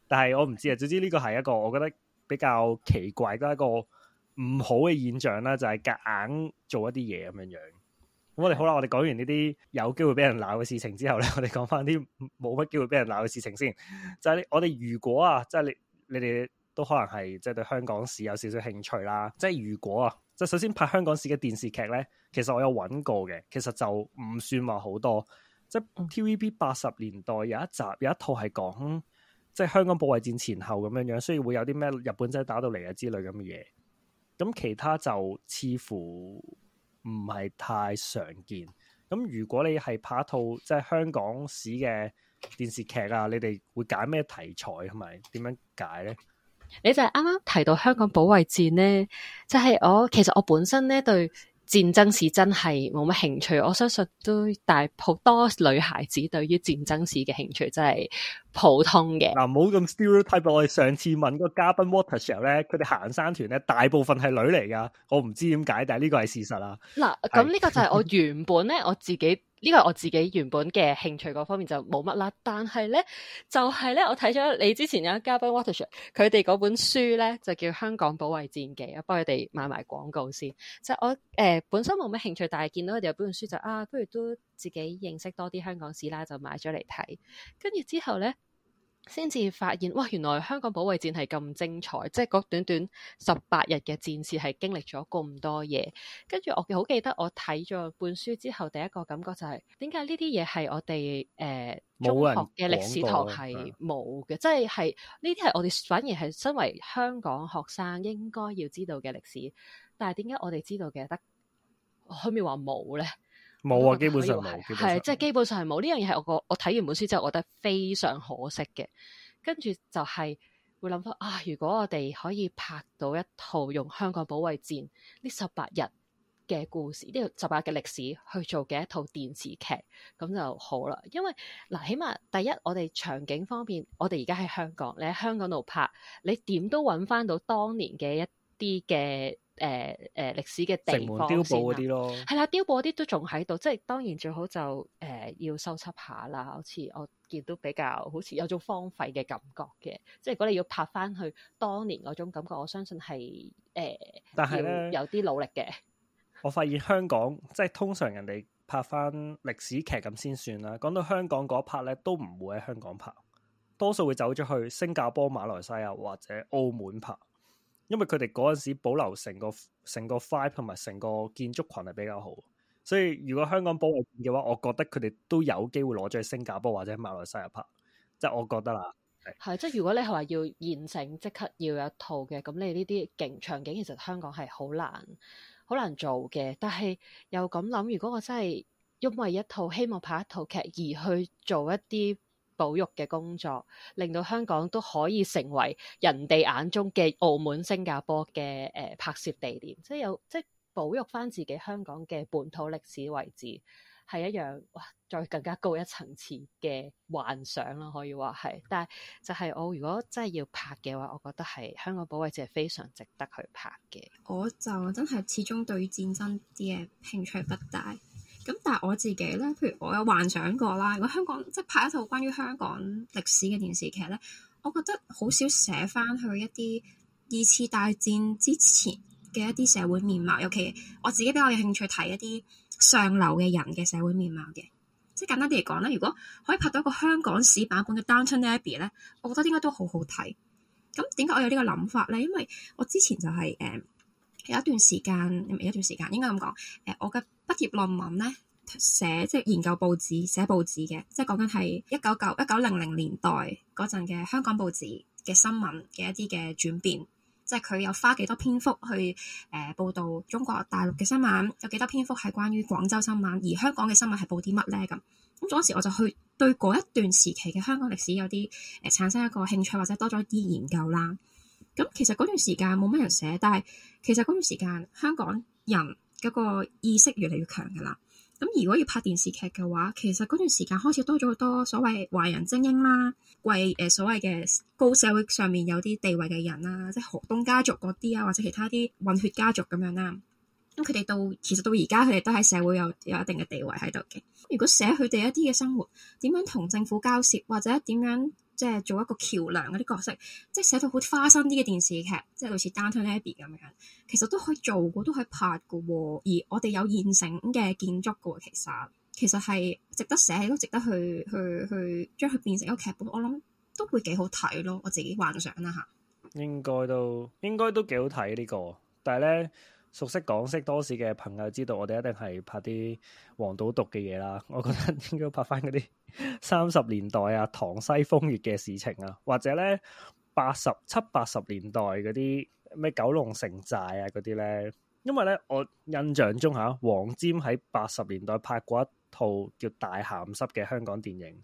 但係我唔知啊，總之呢個係一個我覺得比較奇怪嘅一個唔好嘅現象啦，就係夾硬做一啲嘢咁樣樣。我哋好啦，我哋講完呢啲有機會俾人鬧嘅事情之後咧，我哋講翻啲冇乜機會俾人鬧嘅事情先。就係我哋如果啊，即係你你哋都可能係即係對香港史有少少興趣啦。即係如果啊，即係首先拍香港史嘅電視劇咧，其實我有搵過嘅，其實就唔算話好多。即係 T V B 八十年代，有一集有一套係講。即係香港保衛戰前後咁樣樣，所以會有啲咩日本仔打到嚟啊，之類咁嘅嘢。咁其他就似乎唔係太常見。咁如果你係拍一套即係香港史嘅電視劇啊，你哋會揀咩題材係咪點樣解咧？你就係啱啱提到香港保衛戰咧，就係、是、我其實我本身咧對。戰爭史真係冇乜興趣，我相信都但係好多女孩子對於戰爭史嘅興趣真係普通嘅。嗱、啊，唔好咁 stereotype。我哋上次問個嘉賓 water 嘅時候咧，佢哋行山團咧大部分係女嚟噶，我唔知點解，但係呢個係事實啦。嗱，咁呢個就係我原本咧我自己。 呢個我自己原本嘅興趣嗰方面就冇乜啦，但係咧就係、是、咧我睇咗你之前有一個嘉賓 Walter 佢哋嗰本書咧就叫《香港保衞戰記》，我幫佢哋買埋廣告先。就我誒、呃、本身冇咩興趣，但係見到佢哋有本書就啊，不如都自己認識多啲香港史啦，就買咗嚟睇。跟住之後咧。先至發現，哇！原來香港保衛戰係咁精彩，即係嗰短短十八日嘅戰事係經歷咗咁多嘢。跟住我好記得，我睇咗本書之後，第一個感覺就係點解呢啲嘢係我哋誒、呃、中學嘅歷史堂係冇嘅，即係係呢啲係我哋反而係身為香港學生應該要知道嘅歷史，但係點解我哋知道嘅得後面話冇咧？冇啊，基本上冇，係即係基本上係冇呢樣嘢。係我個我睇完本書之後，我覺得非常可惜嘅，跟住就係會諗翻啊，如果我哋可以拍到一套用香港保衛戰呢十八日嘅故事，呢十八日嘅歷史去做嘅一套電視劇，咁就好啦。因為嗱，起碼第一我哋場景方面，我哋而家喺香港，你喺香港度拍，你點都揾翻到當年嘅一啲嘅。誒誒、呃呃、歷史嘅地方，城門碉堡嗰啲咯，係啦，碉堡嗰啲都仲喺度，即係當然最好就誒、呃、要修葺下啦。好似我見到比較好似有種荒廢嘅感覺嘅，即係如果你要拍翻去當年嗰種感覺，我相信係誒，呃、但係是咧有啲努力嘅。我發現香港即係通常人哋拍翻歷史劇咁先算啦。講到香港嗰 part 咧，都唔會喺香港拍，多數會走咗去新加坡、馬來西亞或者澳門拍。嗯因為佢哋嗰陣時保留成個成個 five 同埋成個建築群係比較好，所以如果香港保衛戰嘅話，我覺得佢哋都有機會攞咗去新加坡或者馬來西亞拍，即係我覺得啦。係，即係如果你係話要現成即刻要一套嘅，咁你呢啲景場景其實香港係好難好難做嘅，但係又咁諗，如果我真係因為一套希望拍一套劇而去做一啲。保育嘅工作，令到香港都可以成為人哋眼中嘅澳門新加坡嘅誒、呃、拍攝地點，即係有即係保育翻自己香港嘅本土歷史位置，係一樣哇，再更加高一層次嘅幻想啦，可以話係。但係就係我如果真係要拍嘅話，我覺得係香港保衛戰係非常值得去拍嘅。我就真係始終對於戰爭啲嘢興趣不大。咁但係我自己咧，譬如我有幻想過啦，如果香港即係拍一套關於香港歷史嘅電視劇咧，我覺得好少寫翻去一啲二次大戰之前嘅一啲社會面貌，尤其我自己比較有興趣睇一啲上流嘅人嘅社會面貌嘅。即係簡單啲嚟講咧，如果可以拍到一個香港史版本嘅《Downton Abbey》咧，我覺得應該都好好睇。咁點解我有呢個諗法咧？因為我之前就係、是、誒。Um, 有一段時間，唔係有一段時間，應該咁講誒。我嘅畢業論文咧寫即係研究報紙寫報紙嘅，即係講緊係一九九一九零零年代嗰陣嘅香港報紙嘅新聞嘅一啲嘅轉變，即係佢有花幾多篇幅去誒、呃、報導中國大陸嘅新聞，有幾多篇幅係關於廣州新聞，而香港嘅新聞係報啲乜咧咁。咁嗰時我就去對嗰一段時期嘅香港歷史有啲誒、呃、產生一個興趣，或者多咗啲研究啦。咁其實嗰段時間冇乜人寫，但係其實嗰段時間香港人嗰個意識越嚟越強㗎喇。咁如果要拍電視劇嘅話，其實嗰段時間開始多咗好多所謂華人精英啦，貴誒所謂嘅高社會上面有啲地位嘅人啦，即係何東家族嗰啲啊，或者其他啲混血家族咁樣啦。咁佢哋到其實到而家佢哋都喺社會有有一定嘅地位喺度嘅。如果寫佢哋一啲嘅生活，點樣同政府交涉，或者點樣，即係做一個橋梁嗰啲角色，即係寫到好花心啲嘅電視劇，即係類似《Downton Abbey》咁樣，其實都可以做嘅，都可以拍嘅。而我哋有現成嘅建築嘅，其實其實係值得寫，都值得去去去，去將佢變成一個劇本。我諗都會幾好睇咯。我自己幻想啦嚇。應該都應該都幾好睇呢、呢個，但係咧。熟悉港識多史嘅朋友知道，我哋一定係拍啲黃賭毒嘅嘢啦。我覺得應該拍翻嗰啲三十年代啊，塘西風月嘅事情啊，或者咧八十七八十年代嗰啲咩九龍城寨啊嗰啲咧。因為咧，我印象中吓黃霑喺八十年代拍過一套叫《大咸濕》嘅香港電影，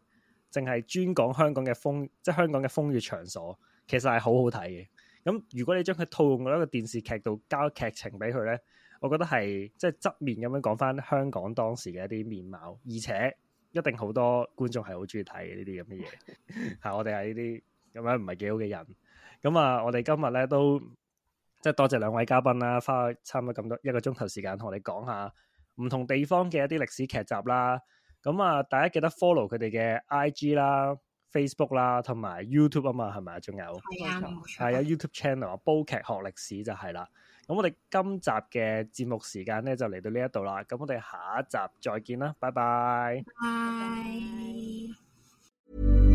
淨係專講香港嘅風，即係香港嘅風月場所，其實係好好睇嘅。咁如果你將佢套用到一個電視劇度交劇情俾佢咧，我覺得係即係側面咁樣講翻香港當時嘅一啲面貌，而且一定好多觀眾係好中意睇呢啲咁嘅嘢。係我哋係呢啲咁樣唔係幾好嘅人。咁 啊、嗯，我哋今日咧都即係多謝兩位嘉賓啦，花差唔多咁多一個鐘頭時,時間同我哋講下唔同地方嘅一啲歷史劇集啦。咁啊，大家記得 follow 佢哋嘅 IG 啦。Facebook 啦，同埋 YouTube 啊嘛，係咪啊？仲有係啊，係有 YouTube channel 煲劇學歷史就係啦。咁我哋今集嘅節目時間咧就嚟到呢一度啦。咁我哋下一集再見啦，拜拜。拜。Bye.